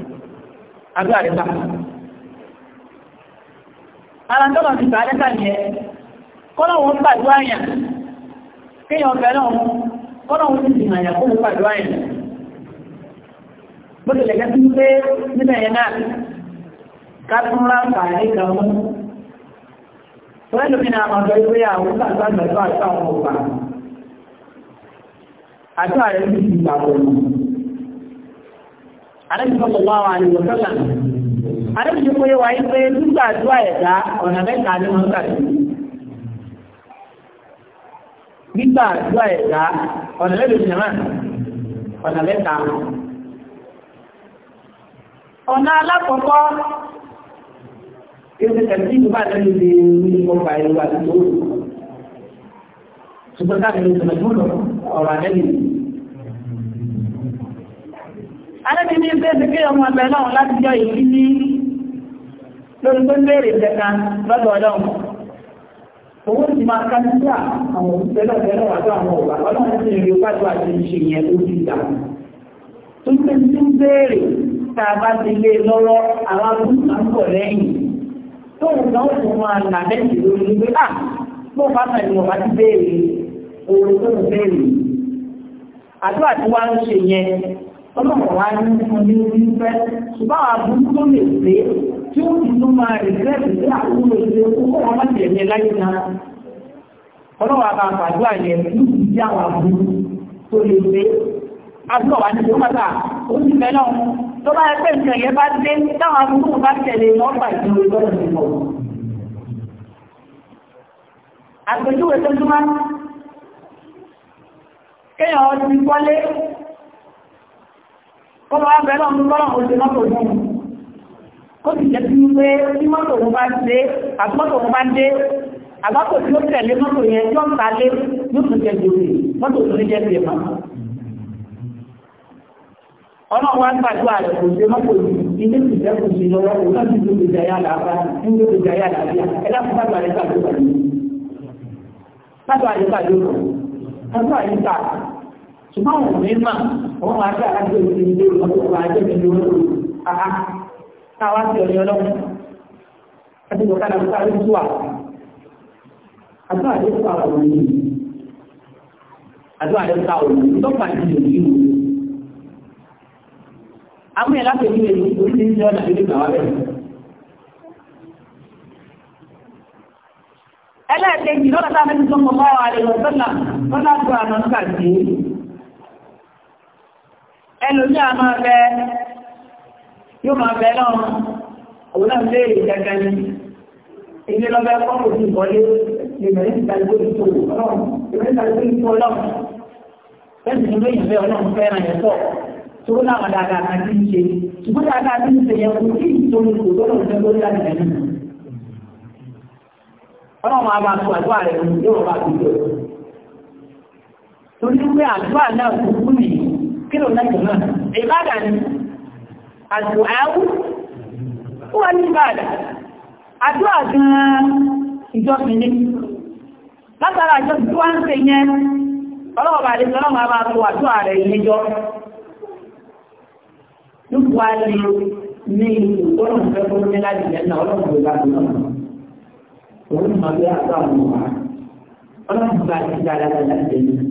àbí àríkà ara tó lọ sí àríkà ni ẹ kọ́lọ̀wọ́ ń pàdó àyàn kíyàn ọ̀fẹ́ náà kọ́lọ̀wọ́ ti dìnà àyà kó mú pàdó àyàn bó ti lẹ̀gẹ́ sí pé nígbà yẹn náà ká tún ráǹkà àríkà mú Wọ́n lómi náà ìwé àwọn ìgbàgbà àgbàgbà àrẹ́sìmọ̀lọ́wọ́ àríwọ̀sọ́là àrẹ́sìmọ̀ yẹ wà ní pé nígbà àdúrà ẹ̀dá ọ̀nà mẹ́ta ní wọ́n kàrí nígbà àdúrà ẹ̀dá ọ̀nà mẹ́ta ní wọ́n ọ̀nà mẹ́ta ọ̀nà alákọ̀ọ́kọ́ ìrìn tẹ̀sí ìgbà lẹ́nu di ìgbọ̀nba ìlú àti ìgbòho ṣùgbọ́n káàkiri ìtọ́jú ọ̀rọ̀ àdẹ́gbẹ̀ẹ́ alẹ́bí ní ṣe ṣe kéèyàn mọ ẹgbẹ́ náà láti jọ ìlú ní lórí tó ń béèrè ìjẹta lọ́dọ̀ ọlọ́run owó ti máa ká sí àwọn òṣìṣẹ́ lọ́dọ̀ wà tó àwọn ọ̀gá ọlọ́run ti rí pàtó àti ìṣe yẹn tó ti gbà tó ṣe ti ń béèrè tá a bá ti lé lọ́wọ́ àwọn abúlé ń bọ̀ lẹ́yìn tó ń gbà ó fún wọn làbẹ́sì lórí wípé à bó bá mọ̀ mo bá ti béèrè oorun tó ń béèrè àdúrà tí wàá ń ṣe yẹn ọlọ́pàá wá ní fún ní orí fẹ́ ṣùgbọ́n tó lè ṣe tí ó ní ṣe àbúrò wà ó ti fẹ́ tó bá yẹ pé bá dé táwọn àbúrú bá tẹ̀lé lọ́pàá ìṣòro lọ́dọ̀ nìkan kọ́lọ̀ wá bẹ̀rẹ̀ ọdún kọ́lọ̀ oṣù mọ́tò fún un kó sì jẹ́ sí wípé tí mọ́tò wọn bá dé àtúmọ́tò wọn bá dé àgbákò tí ó tẹ̀lé mọ́tò yẹn yóò ta lé yóò tún jẹ jòrè mọ́tò tó ní jẹ́ sí ẹ̀mọ́ ọ̀nà wa ń gbàdúrà rẹ̀ kò ṣe mọ́tò yìí ilé sì jẹ́ kò ṣe lọ́wọ́ kò náà ti tó lè jẹ́ yàrá bá ń lè jẹ́ yàrá bí ẹ dákun bá gbàdúrà rẹ̀ gbàdúrà rẹ̀ gbàdúrà rẹ̀ gbàdúrà rẹ̀ ṣùgbọ́n àwọn mímọ̀ wọ́n wá sí alájọ́ ìlú ilé ọdún àjẹ́ ìlú olóòrùn àá káwá sí ọ̀rẹ́ ọlọ́run àti ìgbọ̀kadà tó sáré tó wà àjọ àjẹ́ tó wà wọ̀nyí yìí àjọ àjẹ́ tó wà wọ̀nyí yìí lọ́pàá ti lè yí wò. àwọn yẹn láti ilé ìlú oríṣiríṣi ọ̀nà ìlú ìgbà wà bẹ́ẹ̀. ẹlẹ́ẹ̀kejì lọ́dọ̀ tá a fẹ́ ti sọ mọ́ báwa àlejò sọ́nà sọ́nà tó ẹlòmí a máa bẹ yóò máa bẹ náà òun náà lè rí gẹ́gẹ́ ní ilé lọ́bẹ̀ kọ́kọ́ sí ìbọlé ìbẹ̀rẹ̀ ìgbàlódé tó ọlọ́run ìbẹ̀rẹ̀ ìgbàlódé tó ọlọ́run bẹ́ẹ̀ sì ni lóyìn fẹ́ ọlọ́run fẹ́ràn yẹn pọ̀ tó láwọn dáadáa kan ti ń ṣe ṣùgbọ́n dáadáa ti ń ṣe yẹn kò tí ì tóbi kò tó lọ́wọ́ lórí láti ẹ̀mí. ọlọ́run máa bá kí ló náà jùmọ́ ìbádà ni àdùáwù ó wà ní ìbádà àdúrà gan-an ìjọsìn ní látara ìjọsìn tó wá ń ṣe yẹn ọlọ́ọ̀bà àdéjọ́ náà máa máa tó àdúrà rẹ̀ ìlẹ́jọ́ lókù wá lè ní ìgbọ́nà fẹ́ fún mi láti jẹ́ náà ọlọ́run bá ti dáadáa láti jẹ́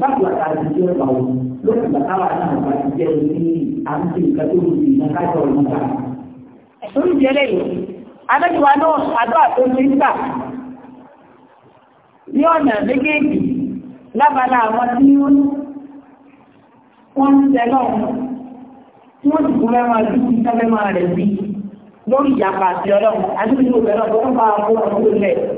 báwo la ká ti jẹ́ báwo lórí bàtà wà náà bá ti jẹ́ ní àti nǹkan tó ń bì náà kájọ ọ̀rọ̀ nígbà. lórí ìdí eléyìí adájúwa náà àdó àtó ti ń gbà ní ọ̀nà méjèèjì lábala àwọn tí wọ́n ń tẹ náà tí wọ́n ti kún mẹ́wàá ju ìtẹ́lẹ́mọ́ rẹ̀ bí lórí ìyàpá àti ọlọ́run àti ìlú ìbẹ̀rẹ̀ ọ̀dọ́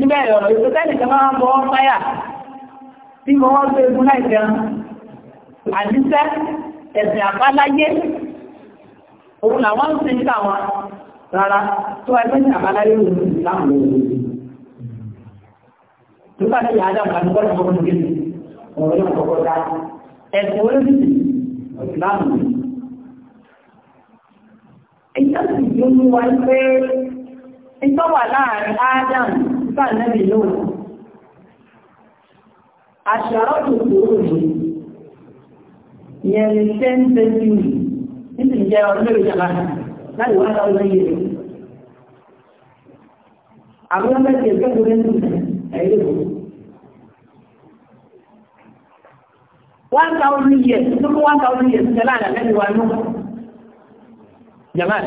níbẹ̀ ọ̀rọ̀ ìsọ́tẹ́lì kan máa ń bọ́ fáyà tí mo wọ́n gbé egun láì fẹ́ràn àdíṣẹ́ ẹ̀sìn àbáláyé òun làwọn ń sin káwọn rárá tó ẹgbẹ́ ní àbáláyé òun láwọn lòun nígbà tí yàrá àgbà ní bọ́ọ̀lù ọkọ̀ nígbè ní ọ̀rọ̀ yóò kọ́kọ́ dá ẹ̀sìn olóbìsì ìsìláàmù mú wa pé ìtọ́wà láàrin ádámù bá nẹ́bì lóòrùn àṣàrọ́tù kúrò ní yẹn ten century nítorí jẹ́ ọdún ìjọba láì wá lọ́wọ́ yìí rẹ̀ àwọn ọmọ ẹgbẹ́ ìgbẹ́gbẹ́ nínú ẹ̀yẹ́ lò one thousand years one thousand years tẹ́lá àdàlẹ́bì wa náà jamaat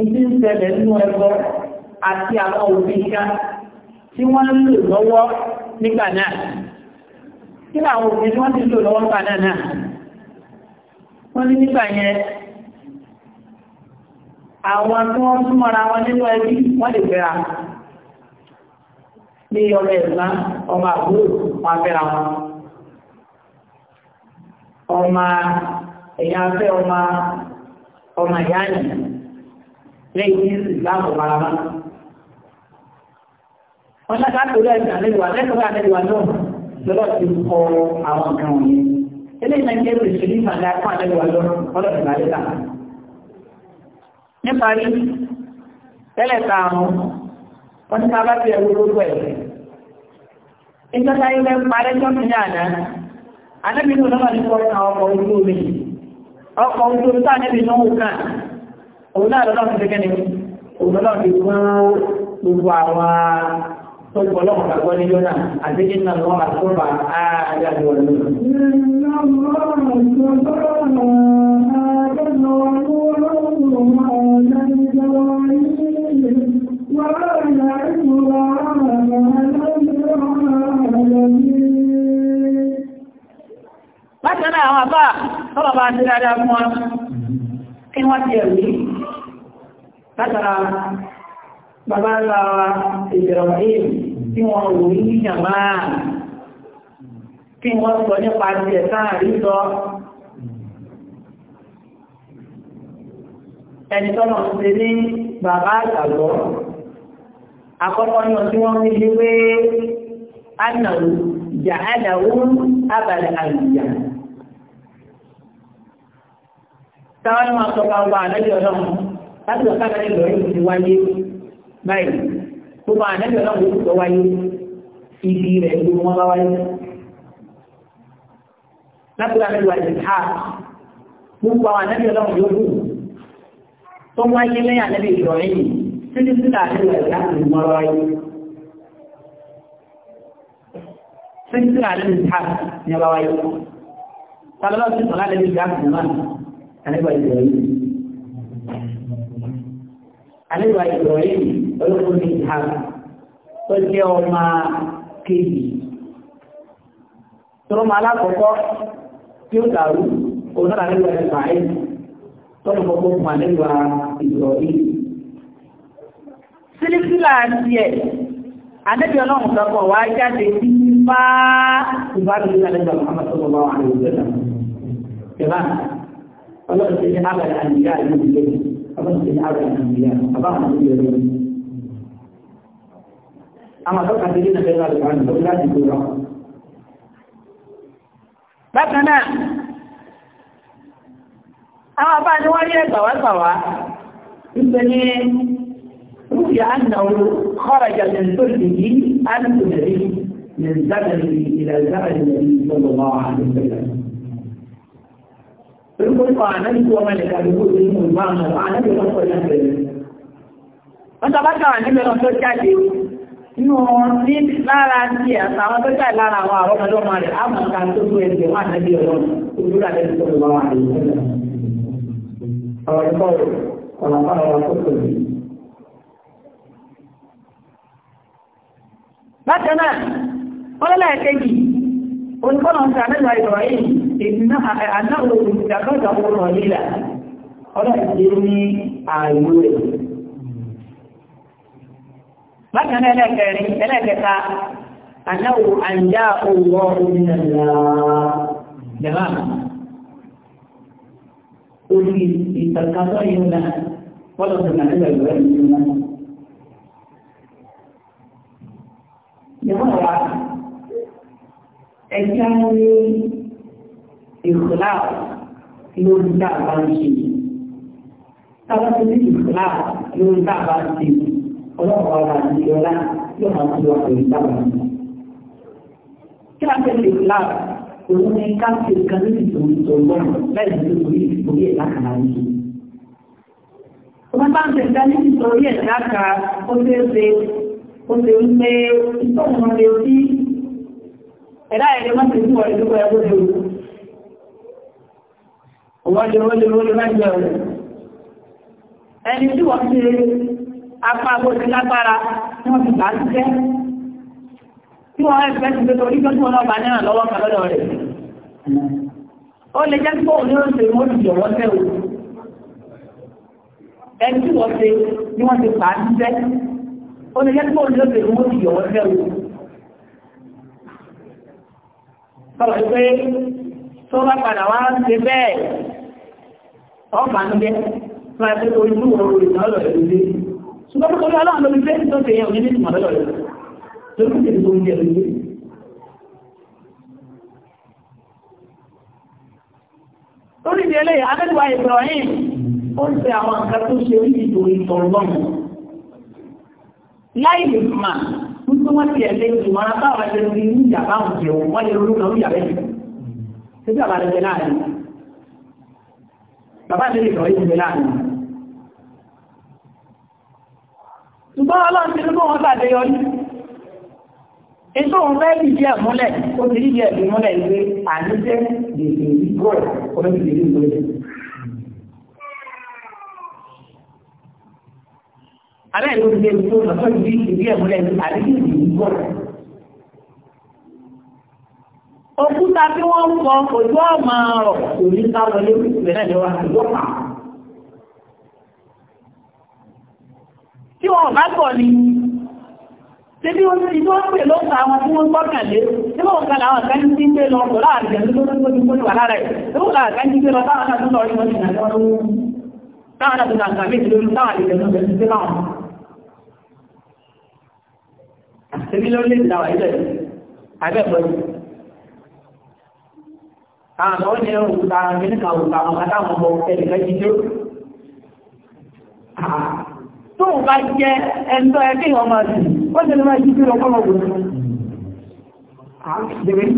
ìdí ń ṣẹlẹ̀ nínú ẹgbọ́ àti àwọn òfin ká tí wọ́n ń lò lọ́wọ́ nígbà náà kí tí wọ́n ti lò lọ́wọ́ nígbà náà wọ́n ní nígbà yẹn àwọn tí wọ́n wọn nínú ẹbí wọ́n lè fẹ́ra ní ọmọ ọmọ àbúrò wọn fẹ́ra lẹ́yìn ìsìláàmù parama. Wọ́n láká torí ẹ̀sìn àlejò àlẹ́kọ̀ọ́ àlejò náà lọ́dọ̀ ti kọ àwọn kan wọ̀nyí. Eléyìí náà jẹ́ òṣèlú ní ìpàdé fún àlejò àlọ́ ọlọ́ ìgbàlẹ́ tà. Níparí, tẹ́lẹ̀ tààrùn, wọ́n ti ká bá fi ẹ̀wọ́ lórúkọ ẹ̀. Ìjọba ilẹ̀ parẹ́ jọ́ mi ní àná. Àdébìnrin olóòwò ní kọ́ ọkọ̀ ojú omi. Ọkọ̀ ojú omi tó àdébìnrin náà òun náà lọ́nà ti kẹ́ni òun lọ́nà ti kú gbogbo àwọn tó gbọ́ lọ́wọ́ gbàgbọ́ ní yọ́nà àti kí nà lọ́wọ́ àtúbà àjàdù ọ̀nà. Bákan náà àwọn àbá, tọ́lọ̀ bá ti dáadáa fún wa, kí wọ́n sọ nípa ti ẹ̀ sáàrí ẹni tọ́nà ṣe ní bàbá àgbàgbọ́ àkọ́kọ́ ní ọdún wọn ní ilé pé ánàwó jàádàwó abàlẹ̀ àgbìyàn ถ้าเรามาสกาวานั่นเดียวเราถ้าเกิดการนั้นเหลืออยู่ถึงวันยิ้มไม่ทุกวานนั้นเดียวเราถูงตัววันยิ้อีกทีเลยดูมองเราไว้นักเรียนเป็นวันสุดท้ายทุกวันนั้นเดียวเราอยู่ตรงวันยิ้มเนี่ยนะดีกว่าอีกซึ่งจะต่างเลยนะดูมองเราไว้ซึ่งสิ่งนั้นเป็นธรรมเี่ยเราไว้แต่าต้องศึกษาเรื่องนี้กันเหมือนกัน Àníbà Ibrahim. Àníbà Ibrahim olóko ní ìhàmù tó ọmọ kejì. Tọ́lọ́mọ alákọ̀ọ́kọ́ tí ó dàrú òun náà nígbà Ibrahim tọ́lọ́mọ kó fún àníbà Ibrahim. Sílísílà ti ẹ̀ Àdébí ọlọ́run sọ́kọ̀ jáde sí bá ìbáraẹni àdébí ọlọ́run sọ́kọ̀ wá wà ní ìgbésẹ̀. Ìbáraẹni. فلقد استجاب الانبياء من الجن فقد استجاب الانبياء فقام به الجن اما تبقى الجن في الله سبحانه فلا تكون بكنا اما بعد ما هي سوا سوا انني روي انه خرج من صلبه الف نبي من زمنه الى زمن النبي صلى الله عليه وسلم Torí pé nípa oníkọ́nà ń ta nílùú yìí ìnáhà àdáwò ìjàkọ́jà ọmọ nílà ọ̀rọ̀ ìṣe ní àìwò rẹ̀. Bákan ẹlẹ́kẹrin ẹlẹ́kẹta àdáwò àjá òwò òmìnira jẹ̀má. Orí ìtàkàtọ̀ yìí náà wọ́n lọ sí Nàìjíríà ìkìlá lórí tá a bá ń ṣe tábà tó ní ìkìlá lórí tá a bá ń ṣe ọlọ́pàá ọba àti ọlá yóò máa tó wà pẹ̀lú tá a bá ń ṣe. kí a fẹ́ lè kìlá òun ní ká ṣe kan ní ìtòrí ìtòlọ́ láì ní ìtòrí ìtòrí ẹ̀ lákàrà ń ṣe. bá ń tẹ̀síá ní ìtòrí ẹ̀ láka ó ṣe ṣe ó ṣe ń pé ìtọ́nà lè sí ẹ̀dá ẹ̀rẹ́ mọ́tò ìwọ̀ wọ́lé wọ́lé wọ́lé lẹ́gbẹ̀ẹ́ rẹ̀ ẹni tí wọ́n ti apá agbóṣe lágbára tí wọ́n ti bá ti jẹ́ tí wọ́n rẹ̀ fẹ́ ti gbé torí tó tí wọ́n lọ́ba náà lọ́wọ́ kan lọ́dọ̀ rẹ̀ ó lè jẹ́ pé òun yóò ṣe wọ́n ti jọ̀wọ́ tẹ́ o ẹni tí wọ́n ṣe ni wọ́n ti bá ti jẹ́ ó lè jẹ́ pé òun yóò ṣe wọ́n tẹ́ o Sọ̀rọ̀ pé tó bá padà wá ń ṣe bẹ́ẹ̀ ọ̀bànújẹ́ máa pẹ́ orí mú ọrọ̀ ìdánlọ̀ ẹ̀lú lé ṣùgbọ́n tó lọ́lọ́ àwọn olùgbé tó ṣe yẹn òní nítìmọ̀ lọ́lọ́ rẹ̀ lórí kìí tó ń jẹ lórí lórí ìdí ẹlẹ́yìn adẹ́gbà Ibrahim ó ń ṣe àwọn nǹkan tó ṣe orí ìdò ìtọ̀rọ̀lọ́mù láì lè mà wípé wọ́n ti ẹ̀lẹ́ ìmọ̀ràn táwọn ẹgbẹ́ ní ìjàmbá òjò wọ́n lè ronú kan ní bàbá àdébì sọ̀rọ̀ yìí bẹ̀rẹ̀ àná ṣùgbọ́n ọlọ́run ti rúgbọ́n wọn bàdé yọrí ètò òun fẹ́ fìdí ẹ̀ múlẹ̀ ó ti rí ẹ̀ múlẹ̀ ìwé àníjẹ́ lèlè ìgbò ọlọ́bìnrin ìlú ìgbò Àbẹ́ ìlú ìgbè ìgbò lọ́sọ́ ìdí ìgbè ìmúlẹ̀ àdíjì ìgbò òkúta tí wọ́n ń kọ ojú ọmọ ọ̀rọ̀ kò ní sáwọn ilé ìpínlẹ̀ náà lọ́wọ́ àlọ́pà tí wọ́n bá kọ̀ ni tí bí wọ́n ti wọ́n pè lóta àwọn tí wọ́n gbọ́kànlé tí wọ́n kà láwọn kan ti gbé lọ láàrin ẹ̀ àwọn ọ̀nà ẹ̀rọ òkúta mẹ́ríkà òkúta àwọn àtàwọn ọmọ ẹ̀lẹ̀kẹ́ jíjó tó ń bá jẹ́ ẹ̀ntọ́ ẹ̀kẹ́ ọmọ sí ó jẹ́ lọ́wọ́ jíjó ọkọ́lọ̀ òkúta bẹ̀rẹ̀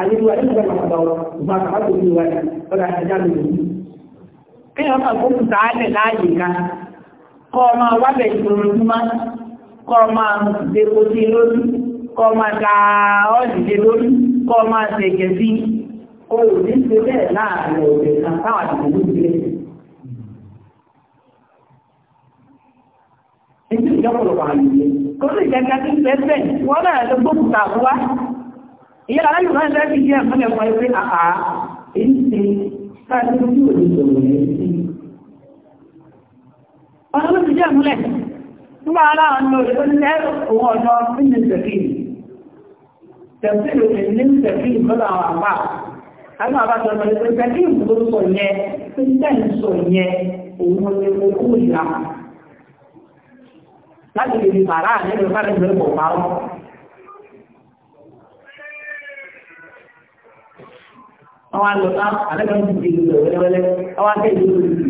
àyẹ̀wò ẹ̀dẹ́gbẹ̀ màkàbàwọ̀ ìgbà àkàbàtò ní ìwà ọ̀dà àjá lè yìí. kéèyàn máa gbókù sáálẹ̀ láàyè ká kọ́ ọmọ wábẹ̀ ìṣòròjúmá kọ́ ọmọ dèkòtì lórí kọ́ ọmọ ta ọ́dìdè lórí kọ́ ọmọ ṣẹ̀gẹ̀ sí oòrùn ní ṣe bẹ́ẹ̀ láàrin ọ̀dẹ̀ kan táwọn àdìgbò ló gbé. èyí ìjọpọ̀lọpọ̀ àyè ìyá aláyò máa ń àmọ́lẹ̀ wáyé pé àà èyí ti káàkiri tí òní ìṣòro rẹ̀ ọ̀nà ló ti jẹ́ àmúlẹ̀ nígbà aláwọn ọ̀nà òṣèlú ní òun ní nínú òun ni àwọn àgbọ̀tá àlẹ́gbẹ̀ẹ́ ti di ìlú wẹ́lẹ́wẹ́lẹ́ àwọn akẹ́kẹ́ ìlú lórí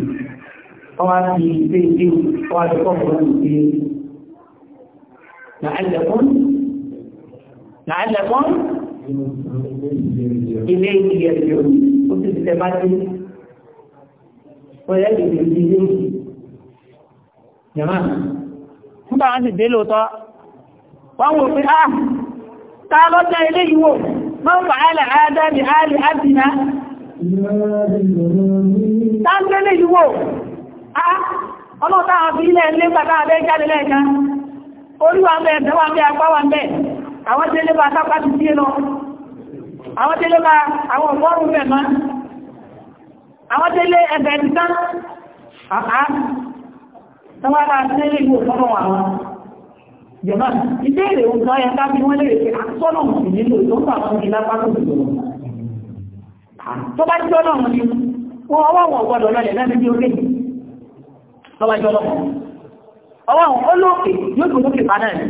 àwọn ti ṣe ìdí àwọn àjọpọ̀ ọ̀rọ̀ ìdí làálẹ̀kún ilé ìdíyẹ̀ ìlú ó ti ti tẹ́ bá dé wọ́n yẹ́ ìdí ìdí jẹ́mà nígbà wọ́n ah, ti dé من فعل هذا بآل أبنا táńtẹ́lẹ̀ ìwò ọlọ́ta àfi ilẹ̀ ilé pàtà abẹ́ jáde lẹ́ẹ̀kan oríwà mẹ́ ẹ̀dẹ́wà mẹ́ apáwà mẹ́ àwọn tẹ́lẹ̀ bá sápá ti tí lọ àwọn tẹ́lẹ̀ bá àwọn ọgọ́rùn mẹ́ mọ́ àwọn tẹ́lẹ̀ ẹ̀bẹ̀ jọba ìbéèrè òǹkà ẹ̀ ká bí wọ́n lè ṣe àtọ́nà sí nílò tó ń bà fún mi lápá tó dùn lọ. tó bá jọ́ náà ni wọ́n ọwọ́ wọn gbọ́dọ̀ lọlẹ̀ lẹ́nu bí orí tó bá jọ́ lọ́pọ̀ ọwọ́ wọn olóòkè yóò tó lókè padà rẹ̀.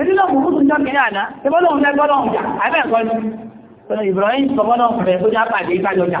Èdè lọ́mù fún ìjọ kìí àná, ìbọ́lọ́hùn fẹ́ gbọ́lọ́hùn jà, àbẹ́ ẹ̀kọ́ ni. Ìbùrọ̀yìn sọ gbọ́lọ́hùn fẹ́ tó já pàdé ìbájọ́ jà.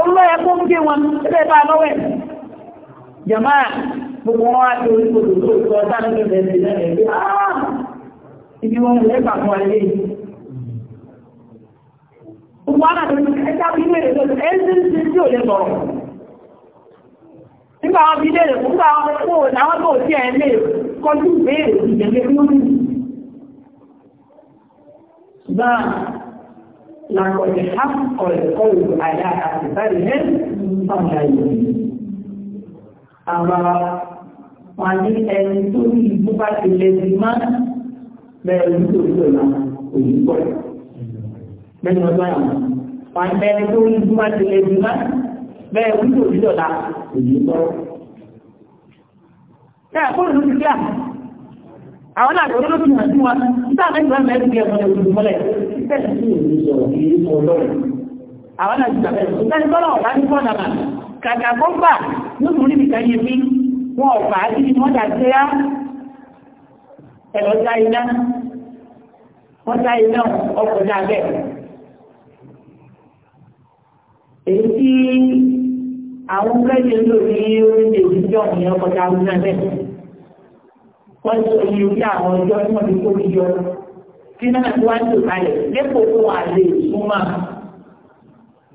olúwa ẹ̀ gé wọn ẹgbẹ́ bá lọ́wọ́ ẹ̀ gbogbo wọn á torí kòtò tó sọ sáà ní ìbẹ̀rẹ̀ ìbẹ̀rẹ̀ ìbẹ̀rẹ̀ ah! ibi wọn lè bà fún ẹ لقد حق القول على أكثرهم فلا يؤمنون àwa wọn ní ẹni tó ní ìbú bá ti lè di má bẹ́ẹ̀ ní tòótọ́ náà kò ní pọ̀ bẹ́ẹ̀ tó ní ìbú bá ti lè bẹ́ẹ̀ ní tòótọ́ náà kò àkóòdù ti kí àná àwọn àti olóòtú náà sí wọn nígbà mẹ́ta mẹ́rin bí ẹ̀mọ́ ẹ̀kọ́ mọ́lẹ̀ bẹ́ẹ̀ sí èmi sọ̀rọ̀ ní ìlú ọlọ́run àwọn àti ìgbàgbẹ́ ìgbàgbẹ́ èyí tí àwọn kẹ́yìn lò ní orílẹ̀-èdè ìjọ ìyẹn ọkọ̀ dá iná bẹ́ẹ̀ wọ́n sọ iye bí àwọn ọjọ́ tí wọ́n ti kó mi yọ tí náà tí wọ́n ti kalẹ̀ lẹ́kọ̀ọ́ tó wà lè súnmọ́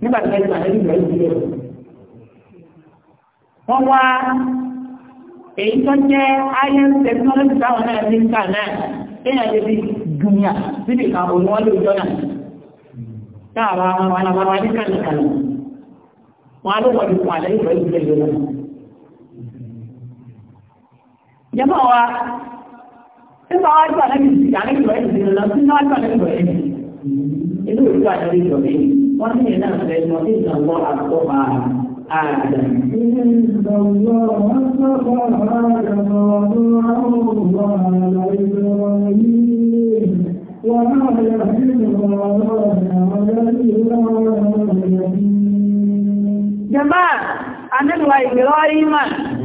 nígbà tí wọ́n ti kalẹ̀ nígbà yìí lẹ̀. wọ́n wá èyí tó jẹ́ iron technology táwọn náà ti ń kà náà téèyàn lè fi dùnyà síbi kan òun wọ́n lè jọ náà táwọn àwọn àwọn àwọn àwọn àdékàlẹ̀ kalẹ̀ wọ́n á lọ́wọ́ ìpàdé ìgbà yìí lẹ̀ lọ́wọ́ jẹ́mọ́ wa nípa wá gbà lẹ́bi sí ìyá nípa lọ sí náà gbà lẹ́bi inú ìlú àjọ ìlú ẹ̀sìn wọ́n ní ìlànà ìfẹ́ ìmọ̀ sí ìlànà àkọ́ ààrẹ. وما يحل الله ولا يحل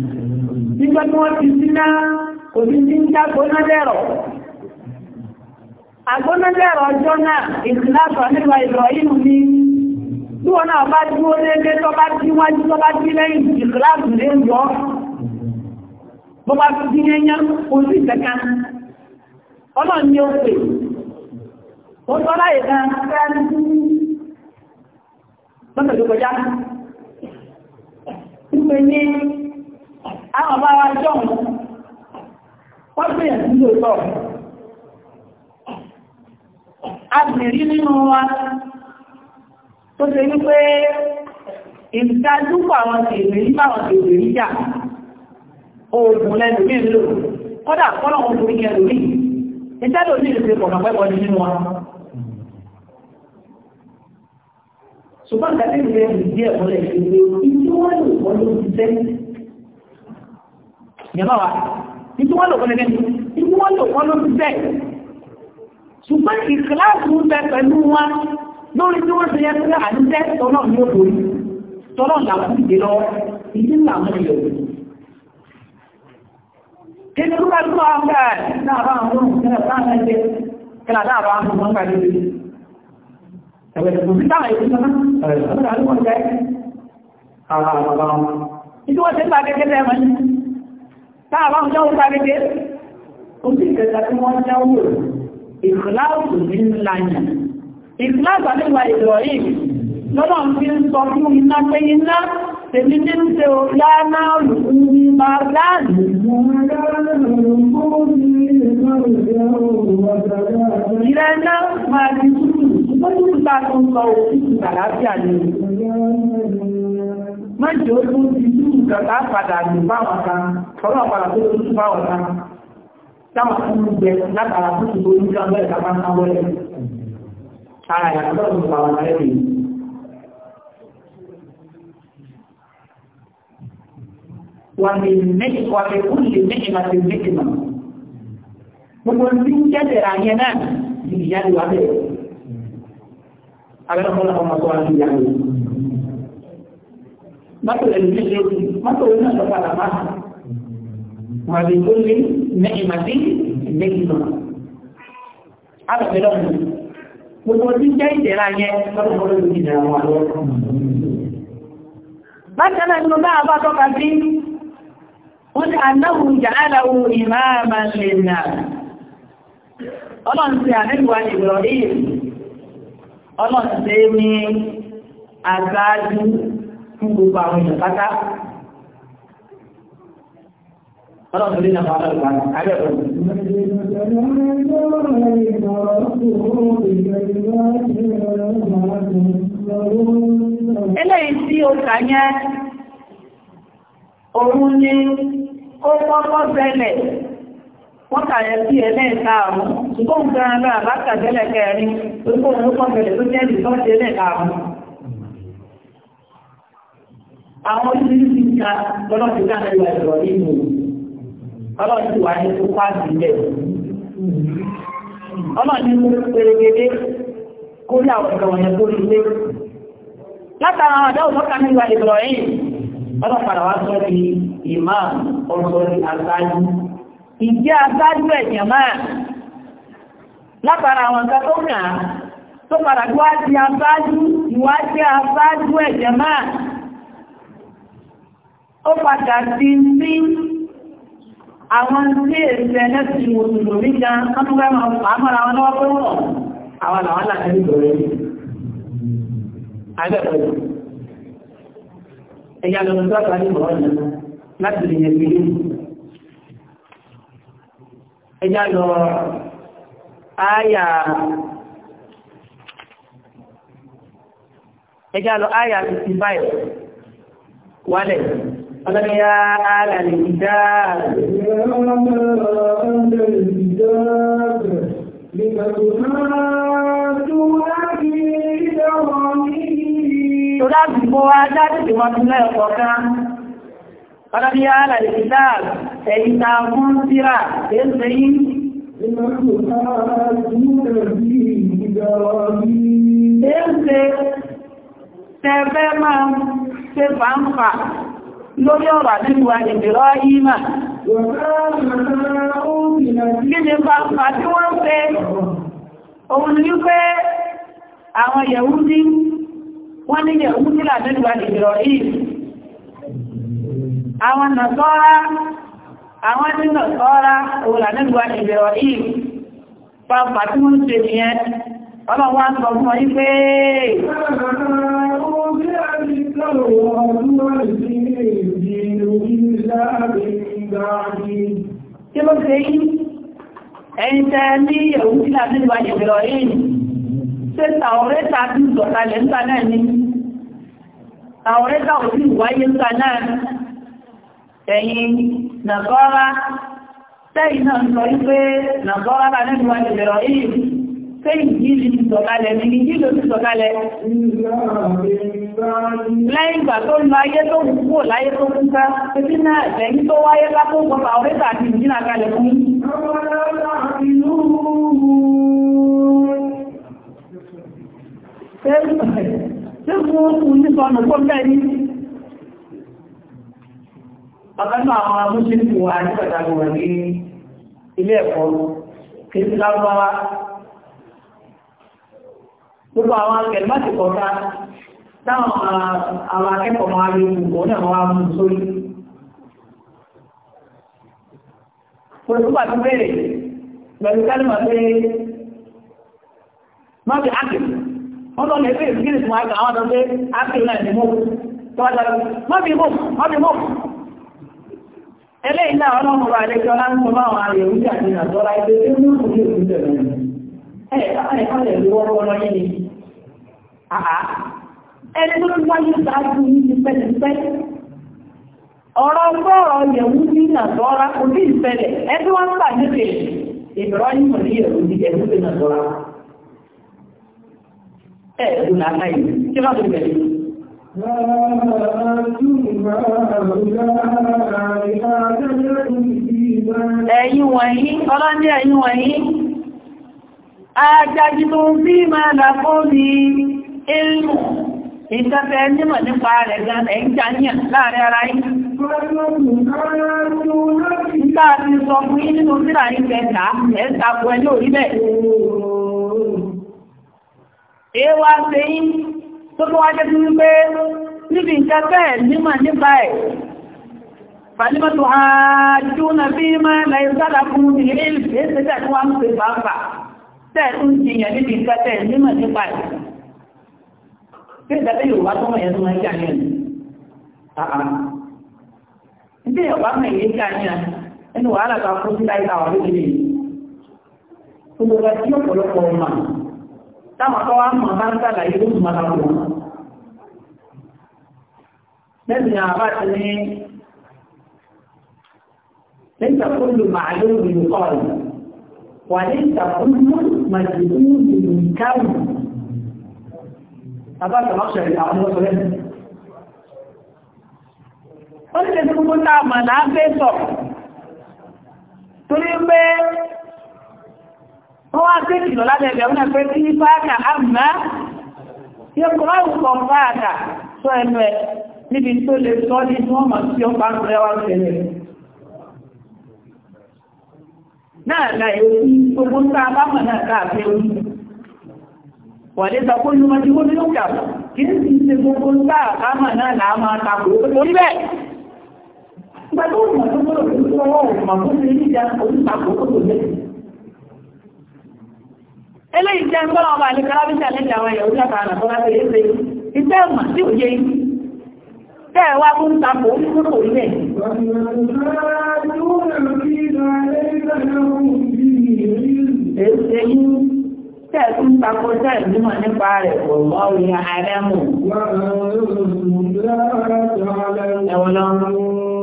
nígbà tí wọ́n ti síná kò sí sí ń já gbónádẹ́rọ̀ àgbónádẹ́rọ̀ ọjọ́ náà ìsìnláṣọ nípa Ibrahim ní tí wọ́n náà bá dúró déédéé tó bá dí wájú tó bá dí lẹ́yìn ìsìnláṣọ lè yọ bó bá fi dín yẹn kò sí ìtẹ̀ka ọlọ́run ni ó pè ó àwọn bá wá jọ wọ́n gbìyànjú lóòtọ́ a bèrí nínú wa tó ṣe ní pé ìdájúkọ̀ àwọn tèèrè nípa àwọn tèèrè níjà oògùn lẹ́nu mí lò kọ́dà kọ́nà wọn tó yẹ lórí ìtẹ́lò ní ìrìnṣẹ́ pọ̀nà pẹ́pọ̀ nínú wa ṣùgbọ́n ìtẹ́lẹ̀ ìrìnṣẹ́ ìdí ẹ̀kọ́lẹ̀ ìgbé ìtí wọ́n lò wọ́n ló ti tẹ́lẹ̀ yẹ̀bá wa wọ́n lò wọ́n lẹ́gẹ́ títí wọ́n lò wọ́n ló bẹ́ẹ̀ ṣùgbọ́n ìkìláàsì ń bẹ pẹ̀lú wọn lórí tí wọ́n ṣe yẹ pé àdúgbẹ́ tọ́nà ní ó borí tọ́nà làwọn ìdè ń bá àwọn ohun ìṣẹ́lẹ̀ táàbá ń jáwó gbàgede ó sì kẹta tí wọ́n jáwó ìkìláàsù ní ńláyà ìkìláàsù lọ́nà fi ń sọ fún iná pé iná tèmi ní ń ṣe láàá lùkúrí máa láàrín ìrẹ́ náà máa di tútù tó tútù bá tó ń sọ òfin ìgbàláfíà ni mẹ́jọ tó ti tú ìgbàgbà padà ní báwọn kan tọ́lọ̀ padà tó tó tú báwọn kan táwọn fún un bẹ látara tó ti tó ní gbàgbà ẹ̀ka bá ń ká wọlé ara ìyàtọ̀ tó báwọn kan lẹ́yìn wàmí kúlì mẹ́jìmá ti mẹ́jìmá gbogbo tí ń mọ́tò ẹ̀lùmí ṣe ti mọ́tò orí náà lọ́pàá làmá wàbí tó lé ní ìmàdí ìmẹ́gbìmọ̀ alọ́pẹ̀lọ́ gbogbo tí jẹ́ ìdẹ̀ra yẹn lọ́pọ̀lọ́ lórí ìdẹ̀ra wà lọ́wọ́ bákan náà nínú náà bá tọ́ka sí wọ́n ní anáhùn jàálà ohun ìmáàmà lè nà ọlọ́run ti àmẹ́gbà ìgbọ̀rí ọlọ́run ti ní àgbáájú fún gbogbo àwọn èèyàn pátá ọlọ́run lè nàbà ọlọ́run àti àbẹ̀wò. eléyìí tí ó kà yẹn òun ni ó kọ́kọ́ bẹ̀lẹ̀ wọ́n kàyẹ̀ sí ẹlẹ́ẹ̀ta àrùn ṣùgbọ́n gan-an náà látàbẹ̀lẹ̀ kẹrin tó kó òun kọ́ bẹ̀lẹ̀ tó jẹ́ ìtọ́jú àrùn àwọn oríṣiríṣi ìka lọ́lọ́dún ká lẹ́yìn ẹ̀rọ nínú ọlọ́dún wà ní tó pàdé ilẹ̀ ọlọ́dún mú pèrègede kó rí àwọn ìjọ wọ̀nyẹn tó rí ilé látara àwọn àdáwò lọ́ka nínú ẹ̀rọ yìí ọlọ́pàá wá sọ di ìmá ọ̀sọ̀ di àgbájú ìjẹ́ àgbájú ẹ̀yàn máa látara àwọn nǹkan tó kàn án tó padà tó wá di àgbájú ìwádìí àgbájú ó padà ti sí àwọn tí èsì ẹlẹ́sìn mùsùlùmí gan ọmọdé àmọ́ra wọn lọ́wọ́ pé wọ́n àwọn làwọn láti ní ìgbòrò agbẹ́pẹ̀lú ẹ̀yà lọ́nà tó lọ 55 wálẹ̀ ọlọ́ni yá lè dá Tòdá gbogbo ta fún síra èéṣe yìí. Èéṣe tẹ́fẹ́ máa ṣe fàǹfà lórí ọ̀rọ̀ àdẹ́gbà ìbẹ̀rọ ìmà. Gíjẹ pàpà tí wọ́n pé òun ní pé àwọn Yẹ̀húdí wọ́n ní Yẹ̀húdí làdẹ́gbà ìbẹ̀rọ ìmà. Àwọn Nàṣọ́rá, àwọn tí Nàṣọ́rá òun làdẹ́gbà ìbẹ̀rọ ìmà. Pàpà tí wọ́n ṣe nìyẹn, ọlọ́wọ́ sọ fún ọ wípé Ọ̀rọ̀ Tí ṣe yí, ẹ̀yìn tẹ́ ní ẹ̀wù tí láti wà ìbẹ̀rọ̀ yìí, ṣe tàọ̀rẹ́ta tí ìjọ̀kalẹ̀ ń ta náà ní. Tàọ̀rẹ́ta ò sí ìwáyé ń ta náà, ẹ̀yìn nàgọ́rá, tẹ́yìn náà sọ wípé nàgọ́rá Séyìí Lẹ́yìn ìgbà tó ń lọ ayé tó ń kúrò láyé tó ń ká, títí náà ẹ̀yìn tó wáyé lápò gbọ́ta ọ̀rẹ́ta àti ìjìnà kalẹ̀ fún. Ṣé fún òun ní sọ̀nà tó mẹ́rin? Ọ̀pẹ́lú ní pẹ̀tàgùn rẹ̀ ní ilé gbogbo àwọn akẹ̀lẹ́mọ́sì kọta táwọn àwọn akẹ́kọ̀ọ́ máa rí gbogbo náà wá mú sórí olùkúbà tó bèèrè pẹ̀lú kálùmọ̀ pé má fi ákìlì wọ́n tọ́ lẹ́fẹ́ ìsìnkiri fún àgbà àwọn ọ̀dọ́ pé ákìlì náà ní mú tó wájá lọ má fi mú má fi mú ẹlẹ́yìn náà ọlọ́run rà lẹ́kọ́ láńkọ́ máa wà lè ẹ̀ẹ̀kálẹ̀ lọ́wọ́ lọ́yẹ́ ni àá ẹni tó ti wáyé sáájú ní ti pẹ́lẹ̀pẹ́ ọ̀rọ̀ gbọ́rọ̀ yẹ̀wú ní nàtọ́ra kò ní ìfẹ́lẹ̀ ẹbí wọ́n ń bà nípe ìbẹ̀rọ yìí ní ẹ̀rù ní ẹ̀rù ní nàtọ́ra ẹ̀rù nàtà yìí kí wọ́n tó bẹ̀rẹ̀ Ẹ̀yin wọ̀nyí, ọlọ́ndí ẹ̀yin wọ̀nyí, ajájútún bí máa làkó ní ilmù ìtafẹ́ nímọ̀ nípa rẹ̀ gan ẹ̀yìnjáníyàn láàrin ara yìí nígbà sọ fún yí nínú síra ìfẹ́ ta ẹ̀ta kú ẹ lórí bẹ̀ èwà ṣe yí tó tó wájẹ́ tí wípé níbi ìtafẹ́ nímọ̀ nípa ẹ̀ fàlímọ̀tò àjúnà bí máa lẹ́yìn sádà fún ilé ìfẹ́ tẹ́ ń jiyàn níbi nǹkan tẹ́ nímọ̀ nípa ẹ̀ tí ìdájọ́ yorùbá tó mọ̀ yẹn tó máa jà ní ẹ̀mí àà níbi yorùbá mọ̀ èyí kan fún sí láyé àwọn olóògbé yìí tó lọ sí ọ̀pọ̀lọpọ̀ ọmọ táwọn akọ́ wa mọ̀ bá ń sàlàyé ló mọ̀ láwọn ọmọ lẹ́sìn àbá ti ní lẹ́sìn àkóso màálù ìlú kọ́ọ̀lù وليس كل مجهود الكون أبقى مخشى للأعمال والسلام ó lè tí gbogbo náà mà náà fẹ́ sọ torí pé wọ́n wá sí ìlọ lábẹ́bẹ̀ wọ́n pẹ́ tí fáàkà àmà yóò kọ́ ọ̀pọ̀ fáàkà sọ ẹnu ẹ̀ níbi tó lè sọ ní wọ́n mọ̀ sí ọpá rẹwà tẹ̀lẹ̀ náà láì gbogbo ń tàà bá mọ̀ náà káàfẹ́ orí wà lé sọ fún ìlúmọ̀ tí ó ní lókà kí ní sí ṣe gbogbo ń tàà bá mọ̀ náà náà máa takò orí bẹ́ẹ̀ nígbà tó mọ̀ tó mọ̀ tó lọ́wọ́ mọ̀ tó ṣe ní ìjà orí tó lé eléyìí jẹ́ bẹ́ẹ̀ wá mú tapò onígbòrò ilẹ̀. Èsè yí tẹ́ẹ̀kú tapò tẹ́ẹ̀ nípa rẹ̀ pọ̀lọ́ orin àrẹ́mù. Ẹ̀wọ̀n lọ,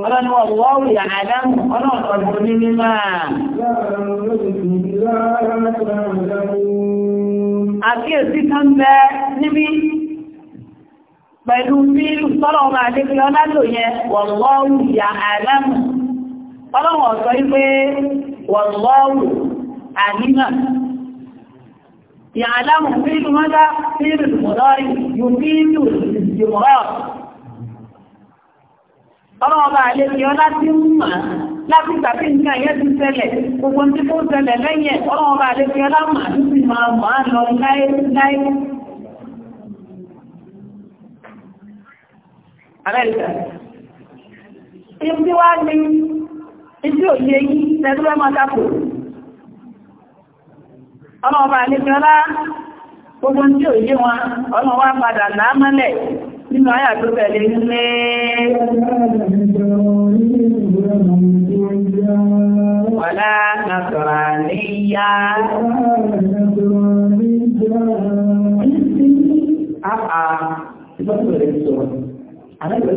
ọlọ́ni wọ́n wọ́ orin àrẹ́mù, ọlọ́run ọdún ní mímọ̀. Àkíyèsí kan bẹ níbi pẹ̀lú bí sọ́lọ̀ ọmọ àdébílọ́ lálò yẹn wọ̀lọ́wù ìyà àlámù ọlọ́wọ̀ ọ̀sọ́ wípé wọ̀lọ́wù ànímà ìyà àlámù fíìlù mọ́dá fíìlù mọ́dọ́rì yóò fíìlù ìjìmọ̀rọ̀ ọlọ́wọ̀ ọba àdébílọ́ láti ń mọ̀ láti tàbí nǹkan yẹn ti ṣẹlẹ̀ gbogbo tí kò ṣẹlẹ̀ lẹ́yìn ọlọ́wọ̀ ọba àdébílọ́ lámà Amẹ́ríkà. Ibi wá ní ibi òye yìí lẹ́gbẹ́ máa dápò. Ọmọ ọba àlejọ́lá gbogbo tí òye wọn, ọmọ wá padà láàmọ́lẹ̀ nínú ayà tó tẹ̀lé nílé. Wàlá nàtọ̀rà níyá. Àà, sọ̀rọ̀. Ànábì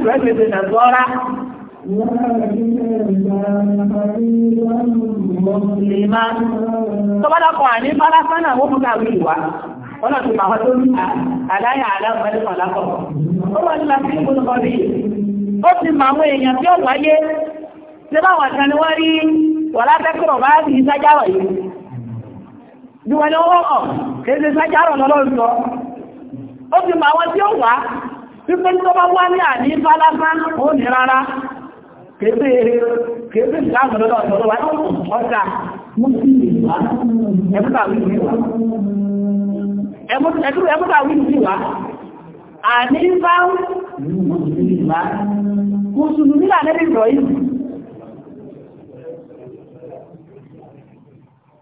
Ibrahim ṣe nà sọ́ra. Lèmá. Tọ́bọ́dá kan àní bára sánà wọ́n mú káàrí ìwà. Wọ́n náà ti máa wá tó ní àdáyà aláàbẹ̀lẹ́kọ̀ lápọ̀. Ó wọ́n ní láti kó lọ́kọ́ rí. Ó ti máa mú èèyàn tí ó wáyé. Ṣé báwọn kan ni wọ́n rí wà látẹ́kọ̀rọ̀ bá rí sájáwà yìí? Bí wọ́n ni ó wọ́n ọ̀ kéde sájárọ̀ lọ́lọ́rùn lọ ó ti mọ̀ àwọn tí ó wá wípé tó bá wá ní àní bálásá ó ní rárá kéfé kéfé ìdáàmù lọ́dọ̀ ọ̀tọ̀ wá ọjà ẹmúta wí ní wá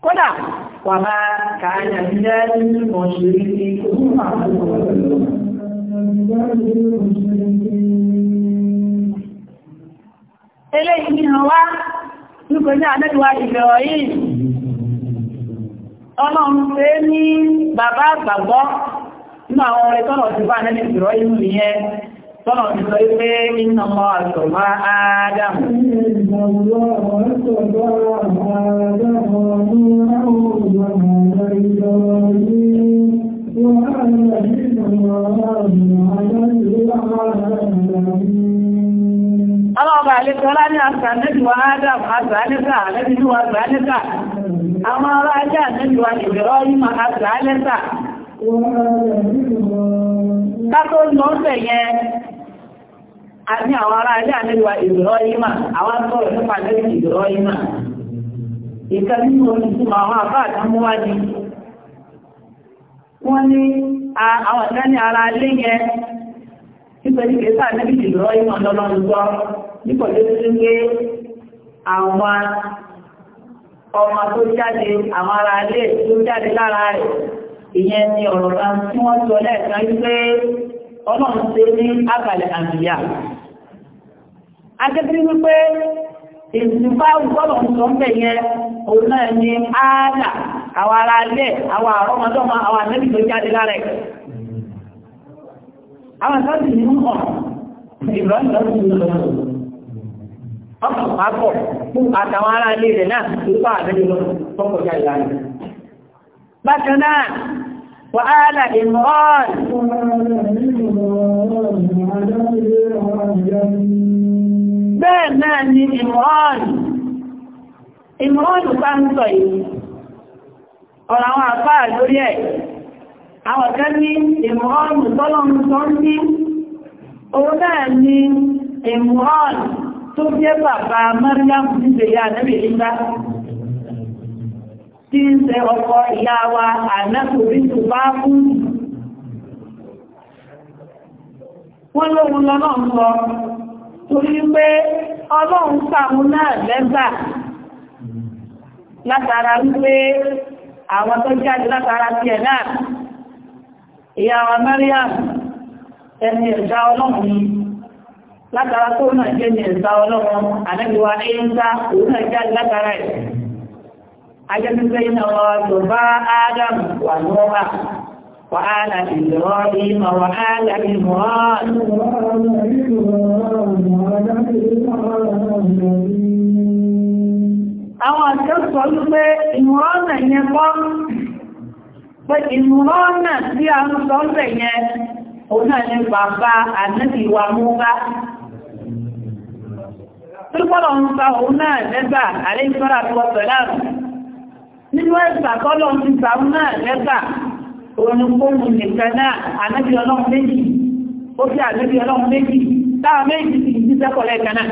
kódà wà máa kààyà jẹ́ Ilé ìhàn wá nígbò ní àdẹ́gbà ìbẹ̀rọ̀ yìí, ọlọ́run pé ní bàbá àgbàgbọ́ ní àwọn ọ̀rẹ́ tọ́lọ̀ ti bá àdẹ́gbà ìbẹ̀rọ̀ Tọ́nà ti sọ pé iná mọ́ àṣọ máa Ádámù. Ọlọ́ọ̀bà àlẹ́kọ́lá ní àṣà nẹ́jùwà Ádámù, àṣà nẹ́ta, nẹ́jùwà àṣà nẹ́ta. Àwọn ará ajá nẹ́jùwà ìbẹ̀rọ yìí máa àṣà nẹ́ta. Ká tó lọ́ọ̀fẹ̀ yẹn, àti àwọn ará ilé àmẹ́lúwà ìdúrọ́yìmà àwọn sọ̀rọ̀ nípa lẹ́yìn ìdúrọ́yìmà ìkan nínú onísùnmọ̀ àwọn àbáàdá ma wá wọ́n ní àwọn ọ̀tẹ́ ara ilé yẹn nítorí kẹta lẹ́yìn ìdúrọ́yìmà lọ́lọ́rùsọ nípa lórí ọlọ́run ṣe ní abàlẹ̀ àmìyà agẹ́gẹ́ wípé ìsìnká ìgbọ́lọ̀ ìsọ̀ ń bẹ̀ yẹn òun náà ni áàdà àwọn ará alẹ́ àwọn àrọ́mọdọ́mọ àwọn àmẹ́bì tó jáde lárẹ̀ àwọn ìsọ́sì ní وآل إمران bẹ́ẹ̀ náà ni Imran Imran bá ń sọ yìí ọ̀rọ̀ àwọn àfáà lórí ẹ̀ àwọn kan ní Imran tọ́lọ́run tó ń ní òun náà ni Imran tó jẹ́ bàbá Maryam nígbèyà nẹ́bẹ̀ ìgbà tí ń ṣe ọkọ̀ ìyá wa ànákùnrin tó bá kú. Wọ́n lóhun lọ́nà ń lọ, torí pé ọlọ́run sàmú náà lẹ́gbà látara wípé àwọn tó jáde látara ti ẹ̀ náà. Ìyá wa Mariam, ẹni ẹ̀dá ọlọ́run ni, látara tó náà jẹ́ ni ẹ̀dá ọlọ́run, ànábíwa ẹ̀yẹ́ ń sá òun náà jáde látara ẹ̀ ajẹ́síṣẹ́ iná wọ yorùbá adam wà lọ́wà wà á là ìlọ́ ìmọ̀ wà á là ìmọ̀ àwọn akẹ́kọ̀ọ́ wípé ìmọ̀ránà yẹn kọ́ pé ìmọ̀ránà tí a ń sọ ọ́sẹ̀ yẹn òun náà ní bàbá ànẹ́bìwà múra tí pọ́lọ̀ ń sa òun náà lẹ́gbà àrẹ́ ìsọ́rà tó ọ̀sẹ̀ láàrùn nínú ẹ̀sà tọ́lọ̀ ti sàún náà lẹ́gbà òrùnkóhùn nìkan náà ànábì ọlọ́run méjì ó fi ànábì ọlọ́run méjì táwa méjì sì ti sẹ́kọ̀ lẹ́ẹ̀kan náà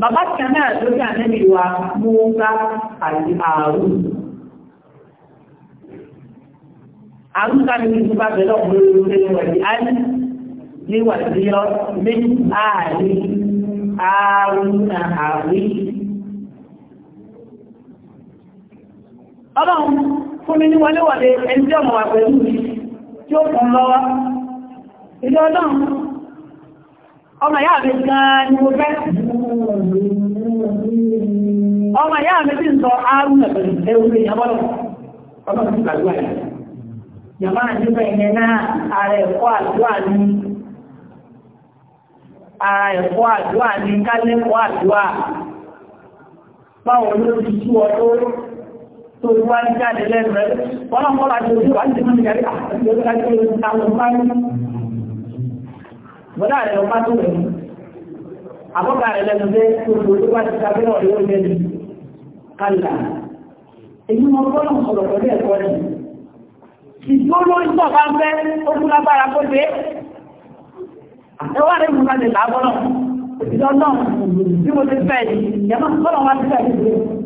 bàbá kan náà ló fi ànábì wa mú ká àti ààrùn àrùn ká ní ìlú bá bẹ̀rẹ̀ ọ̀pọ̀lọpọ̀ lórí wẹ̀dí á ní wàdí lọ méjì ààrin ààrùn ààrin ọlọ́run fún mi ní wọlé ẹni tí ọmọ wà tí ó fún lọ́wọ́ ilé ọmọ ìyá mi gan ni mo fẹ́ ọmọ ìyá mi ti ń sọ àrùn ẹ̀bẹ̀rẹ̀ ara ẹ̀kọ́ ní kálẹ́kọ́ báwọn olóòtú ọdún tó wá ní jáde lẹ́nu rẹ̀ wọ́n náà mọ́ra tó ti wà ní ìmọ̀ ìyàrí àti ọjọ́ láti ọjọ́ àwọn ọmọ ní bọ́dá rẹ̀ ọmọ tó rẹ̀ àbọ́gà rẹ̀ lẹ́nu rẹ̀ tó tó tó wá ti tàbí ọ̀rẹ́ ó lẹ́nu kálà èyí mọ́ bọ́lá sọ̀rọ̀ pẹ̀lú ẹ̀kọ́ rẹ̀ ìjó lórí pọ̀ bá ń fẹ́ ìjọ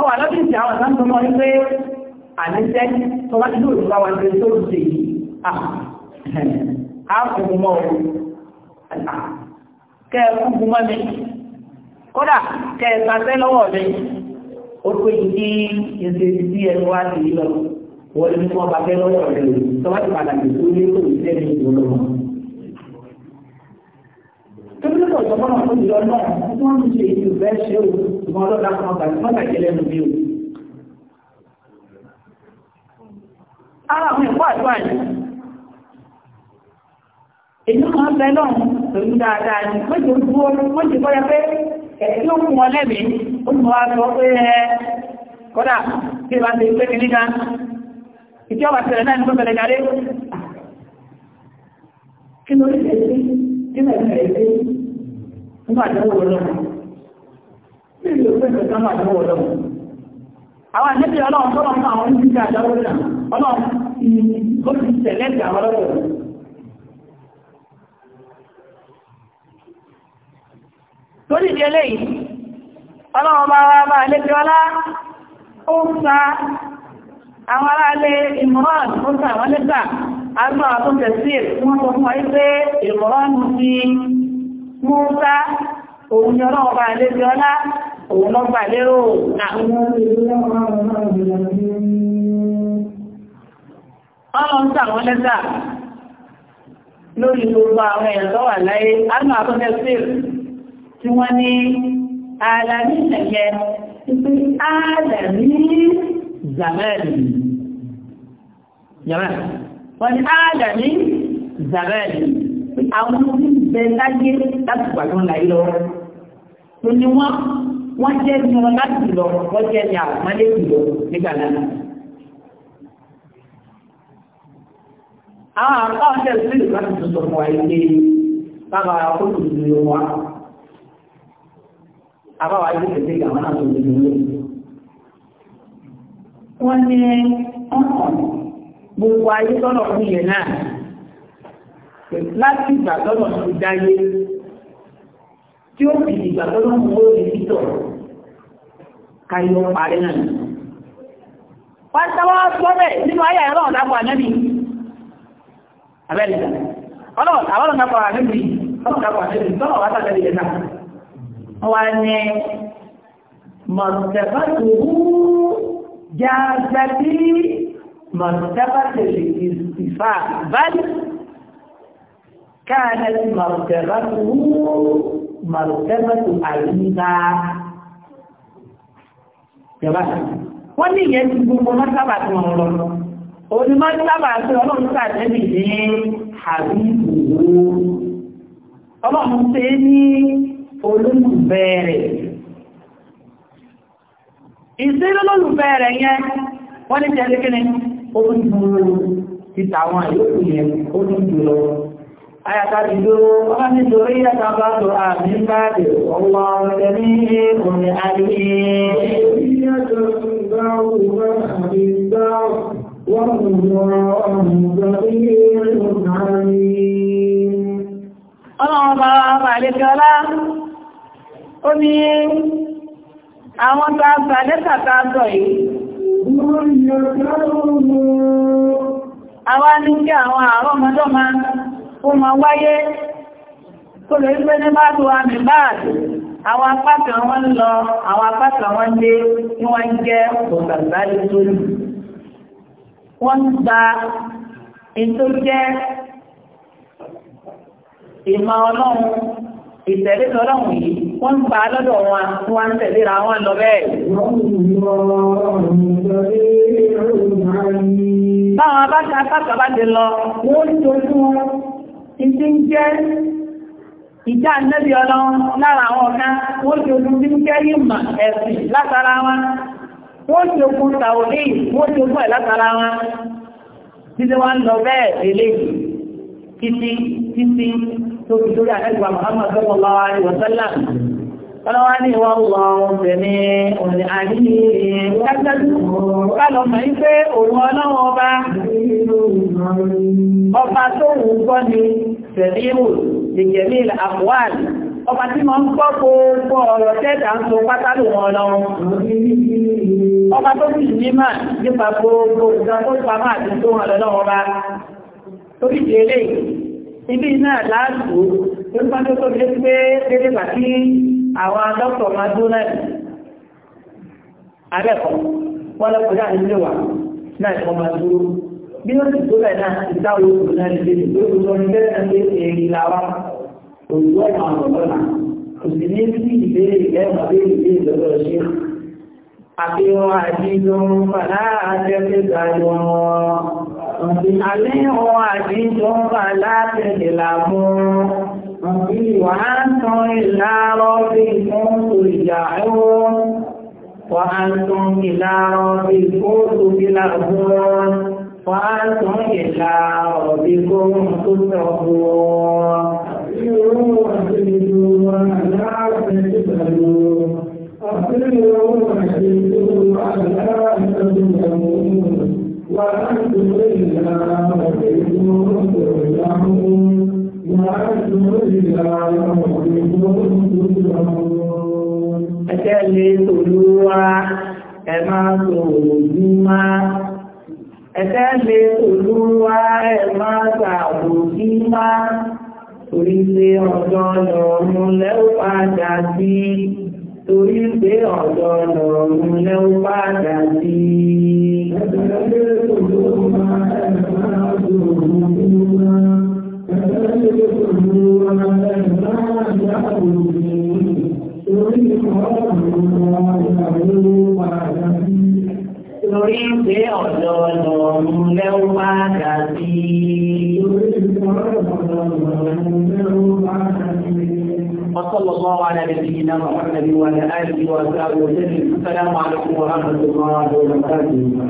ọwà lọ́dún tí àwọn àtàntọ́ mọ́ ní pé àníṣẹ́ tó bá dúró ìgbà wà ní tó ṣe yìí àkùnkùn mọ́ kẹ́ẹ̀kùnkùn mọ́ mi kódà kẹ́ẹ̀kàtẹ́ lọ́wọ́ mi ó pé ní ẹsẹ̀ sí ẹ̀rọ wá sí ìlọ wọ́n ní wọ́n bá lọ́dọ̀ ìjọba náà fún ìjọ náà tí wọ́n ti ṣe ìlú bẹ́ẹ̀ ṣe o ìmọ̀ ọlọ́dà kan tàbí mọ́tà ìjẹlẹ̀ nù mí o. ara àwọn ẹ̀kọ́ àdúrà yìí èyí kan bẹ náà pẹ̀lú dáadáa ni wọ́n ti dúró wọ́n ti kọ́ ya pé ẹ̀ẹ́dí ó fún ọ lẹ́mìí ó ti mọ̀ wá sọ pé ẹ kọ́dà bí ìbá ti pé kìíní kan ìtí ọba tẹ̀lẹ̀ náà ní kó tẹ̀lẹ̀ jáde kí ló lè nígbà àwọn àjẹ́bí ọlọ́run tọ́lọ́ fún àwọn oníṣẹ́ àdáwọ́ náà ọlọ́run ti ó ti tẹ̀lẹ́tì àwọn lọ́wọ́ torí ìdí eléyìí ọlọ́run bá wá bá ilé ọlá ó ń sa àwọn aráalé ìmọ̀ràn ó ń sa àwọn Múúsá, òun ni ọlọ́ọ̀bà lébi ọlá, òun lọ́gbà lérò àwọn ọlọ́run tàwọn lẹ́sà zàmẹ́lì. Yàmẹ́, wọ́n ní ààlàní zàmẹ́lì àwọn tí ń bẹ láyé láti gbàgbọ́n láyé lọ tó ní wọ́n wọ́n jẹ́ ní wọn láti lọ wọ́n jẹ́ ní àpọ́nlé ìlọ nígbà náà àwọn àpá ọ̀sẹ̀ sí ìlú láti tuntun fún wa ilé bàbá akókò ìlú wa àbáwá tètè àwọn náà tó ìlú lórí wọ́n ní ọkàn gbogbo ayé tọ́lọ̀ fún ilẹ̀ náà láti ìgbà tọ́lọ̀ ti dáyé tí ó fi ìgbà tọ́lọ̀ mú ó di títọ̀ káyọ parí náà pàtàwọ́ sọ́bẹ̀ nínú ayà ẹ̀rọ ọ̀dàpọ̀ ànẹ́bì abẹ́rẹ̀ ọlọ́ọ̀dàpọ̀ ànẹ́bì ọlọ́ọ̀dàpọ̀ ànẹ́bì tọ́lọ̀ látàlẹ́bì ẹ̀ta wọ́n ní mọ̀tẹ̀fàtòwú jágbàtí mọ̀tẹ̀fàtòwú ìfà báyìí كانت مرتبته مرتبة عينها جماعة wọ́n ní ìyẹn ti gbogbo mọ́sábà tí wọ́n lọ òní mọ́sábà tí ọlọ́run sàtẹ́bì ní àríwòwò ọlọ́run tí é ní ni, rẹ̀ ìsẹ́ olólùfẹ́ rẹ̀ yẹn wọ́n ní tẹ́lẹ́kẹ́ni ó ń dúró títàwọn àyókù yẹn ó ń dúró أيقدروا أن ذريتهم من بعد والله سميع عليم ذرية بعضها من بعض والله سميع عليم Ọlọ́run bá Màlẹ́kọ́lá, ó ní àwọn tàbà lẹ́tàtà sọ yìí. Wọ́n yẹ̀ káàrùn-ún. Àwọn ní kí àwọn àárọ̀ mọ́jọ́ máa ó ma wáyé tó lè gbé ní bá tó wà ní báàdì àwọn apáta wọn lọ àwọn apáta wọn dé ní wọ́n jẹ́ ògbàgbà lórí wọ́n gba ètò jẹ́ ìmọ̀ ọlọ́run ìtẹ̀lé lọ́lọ́run yìí wọ́n ń gba lọ́dọ̀ wọn tí wọ́n ń tẹ̀léra wọn lọ bẹ́ẹ̀. báwọn abáṣe apáta bá ti lọ wọ́n ń tojú wọn ìdí ń jẹ́ ìjà nẹ́bí ọlọ́run lára àwọn ọ̀gá wọ́n ti ogun bí ń jẹ́ ìmọ̀ ẹ̀sìn látara wọn wọ́n ti ogun tàwọ̀lì wọ́n ti ogun ẹ̀ látara wọn títí wọ́n ń lọ bẹ́ẹ̀ délé títí títí tó fi lórí àtẹ́gbà Muhammad sallallahu alaihi wa sallam Ọlọ́wání wọ́n wọ ọ̀bẹ̀ ní òní àdíyẹ kájẹ́dùn kálọ̀mọ̀ ipé òun ọlọ́wọ́ ọba ọba tó wù gbọ́ ni tẹ̀líwò ìjẹ̀mí àpòwàlì ọba tí wọ́n ń gbọ́ gbogbo ọ̀rọ̀ tẹ́ta ń so pátálù wọn lọ́wọ́ ọba tó sì ní mà nípa gbogbo ìjọ tó pamọ́ tó wọn lọ́wọ́ ọba tó kìí eléyìí ibi náà láàtò tó ń pàtó tó lé pé àwọn dọ́kítọ̀ máa dúró náà abẹ́kọ̀ wọ́n lọ́pọ̀ náà nílé wà náà ìfọ́ máa dúró bí wọ́n ti dúró náà ìdá olóògùn náà nílé olóògùn náà nílé náà nílé èrì làwa òjò ọ̀nà ọ̀rọ̀ náà kò sì ní sí ìbéèrè ìgbẹ́mọ̀ béèrè ìbéèrè lọ́dọ̀ ṣe àfihàn àdídùn fàlà àjẹpẹ́ta wọn àfihàn àdídùn fàlà àjẹpẹ́ta wọn وأنتم إلى ربكم ترجعون وأنتم إلى ربكم تكلبون وأنتم إلى ربكم تتركون وأنتم إلى ربكم ترجعون Ẹjẹ́ lè tòlú wá, ẹ máa tòlú má. Ẹjẹ́ lè tòlú wá, ẹ máa tàbò má. Torí pé ọ̀dọ́ lọ́rùn lẹ́wọ́ padà sí. Torí pé ọ̀dọ́ lọ́rùn lẹ́wọ́ padà sí. Ẹjẹ́ lè tòlú wá, ẹ máa tòlú má. Torí pé ọ̀dọ̀ ọ̀dọ̀rùn lẹ́wọ́ bá dà sí. وصلى الله على نبينا محمد وعلى اله وصحبه وسلم السلام عليكم ورحمه الله وبركاته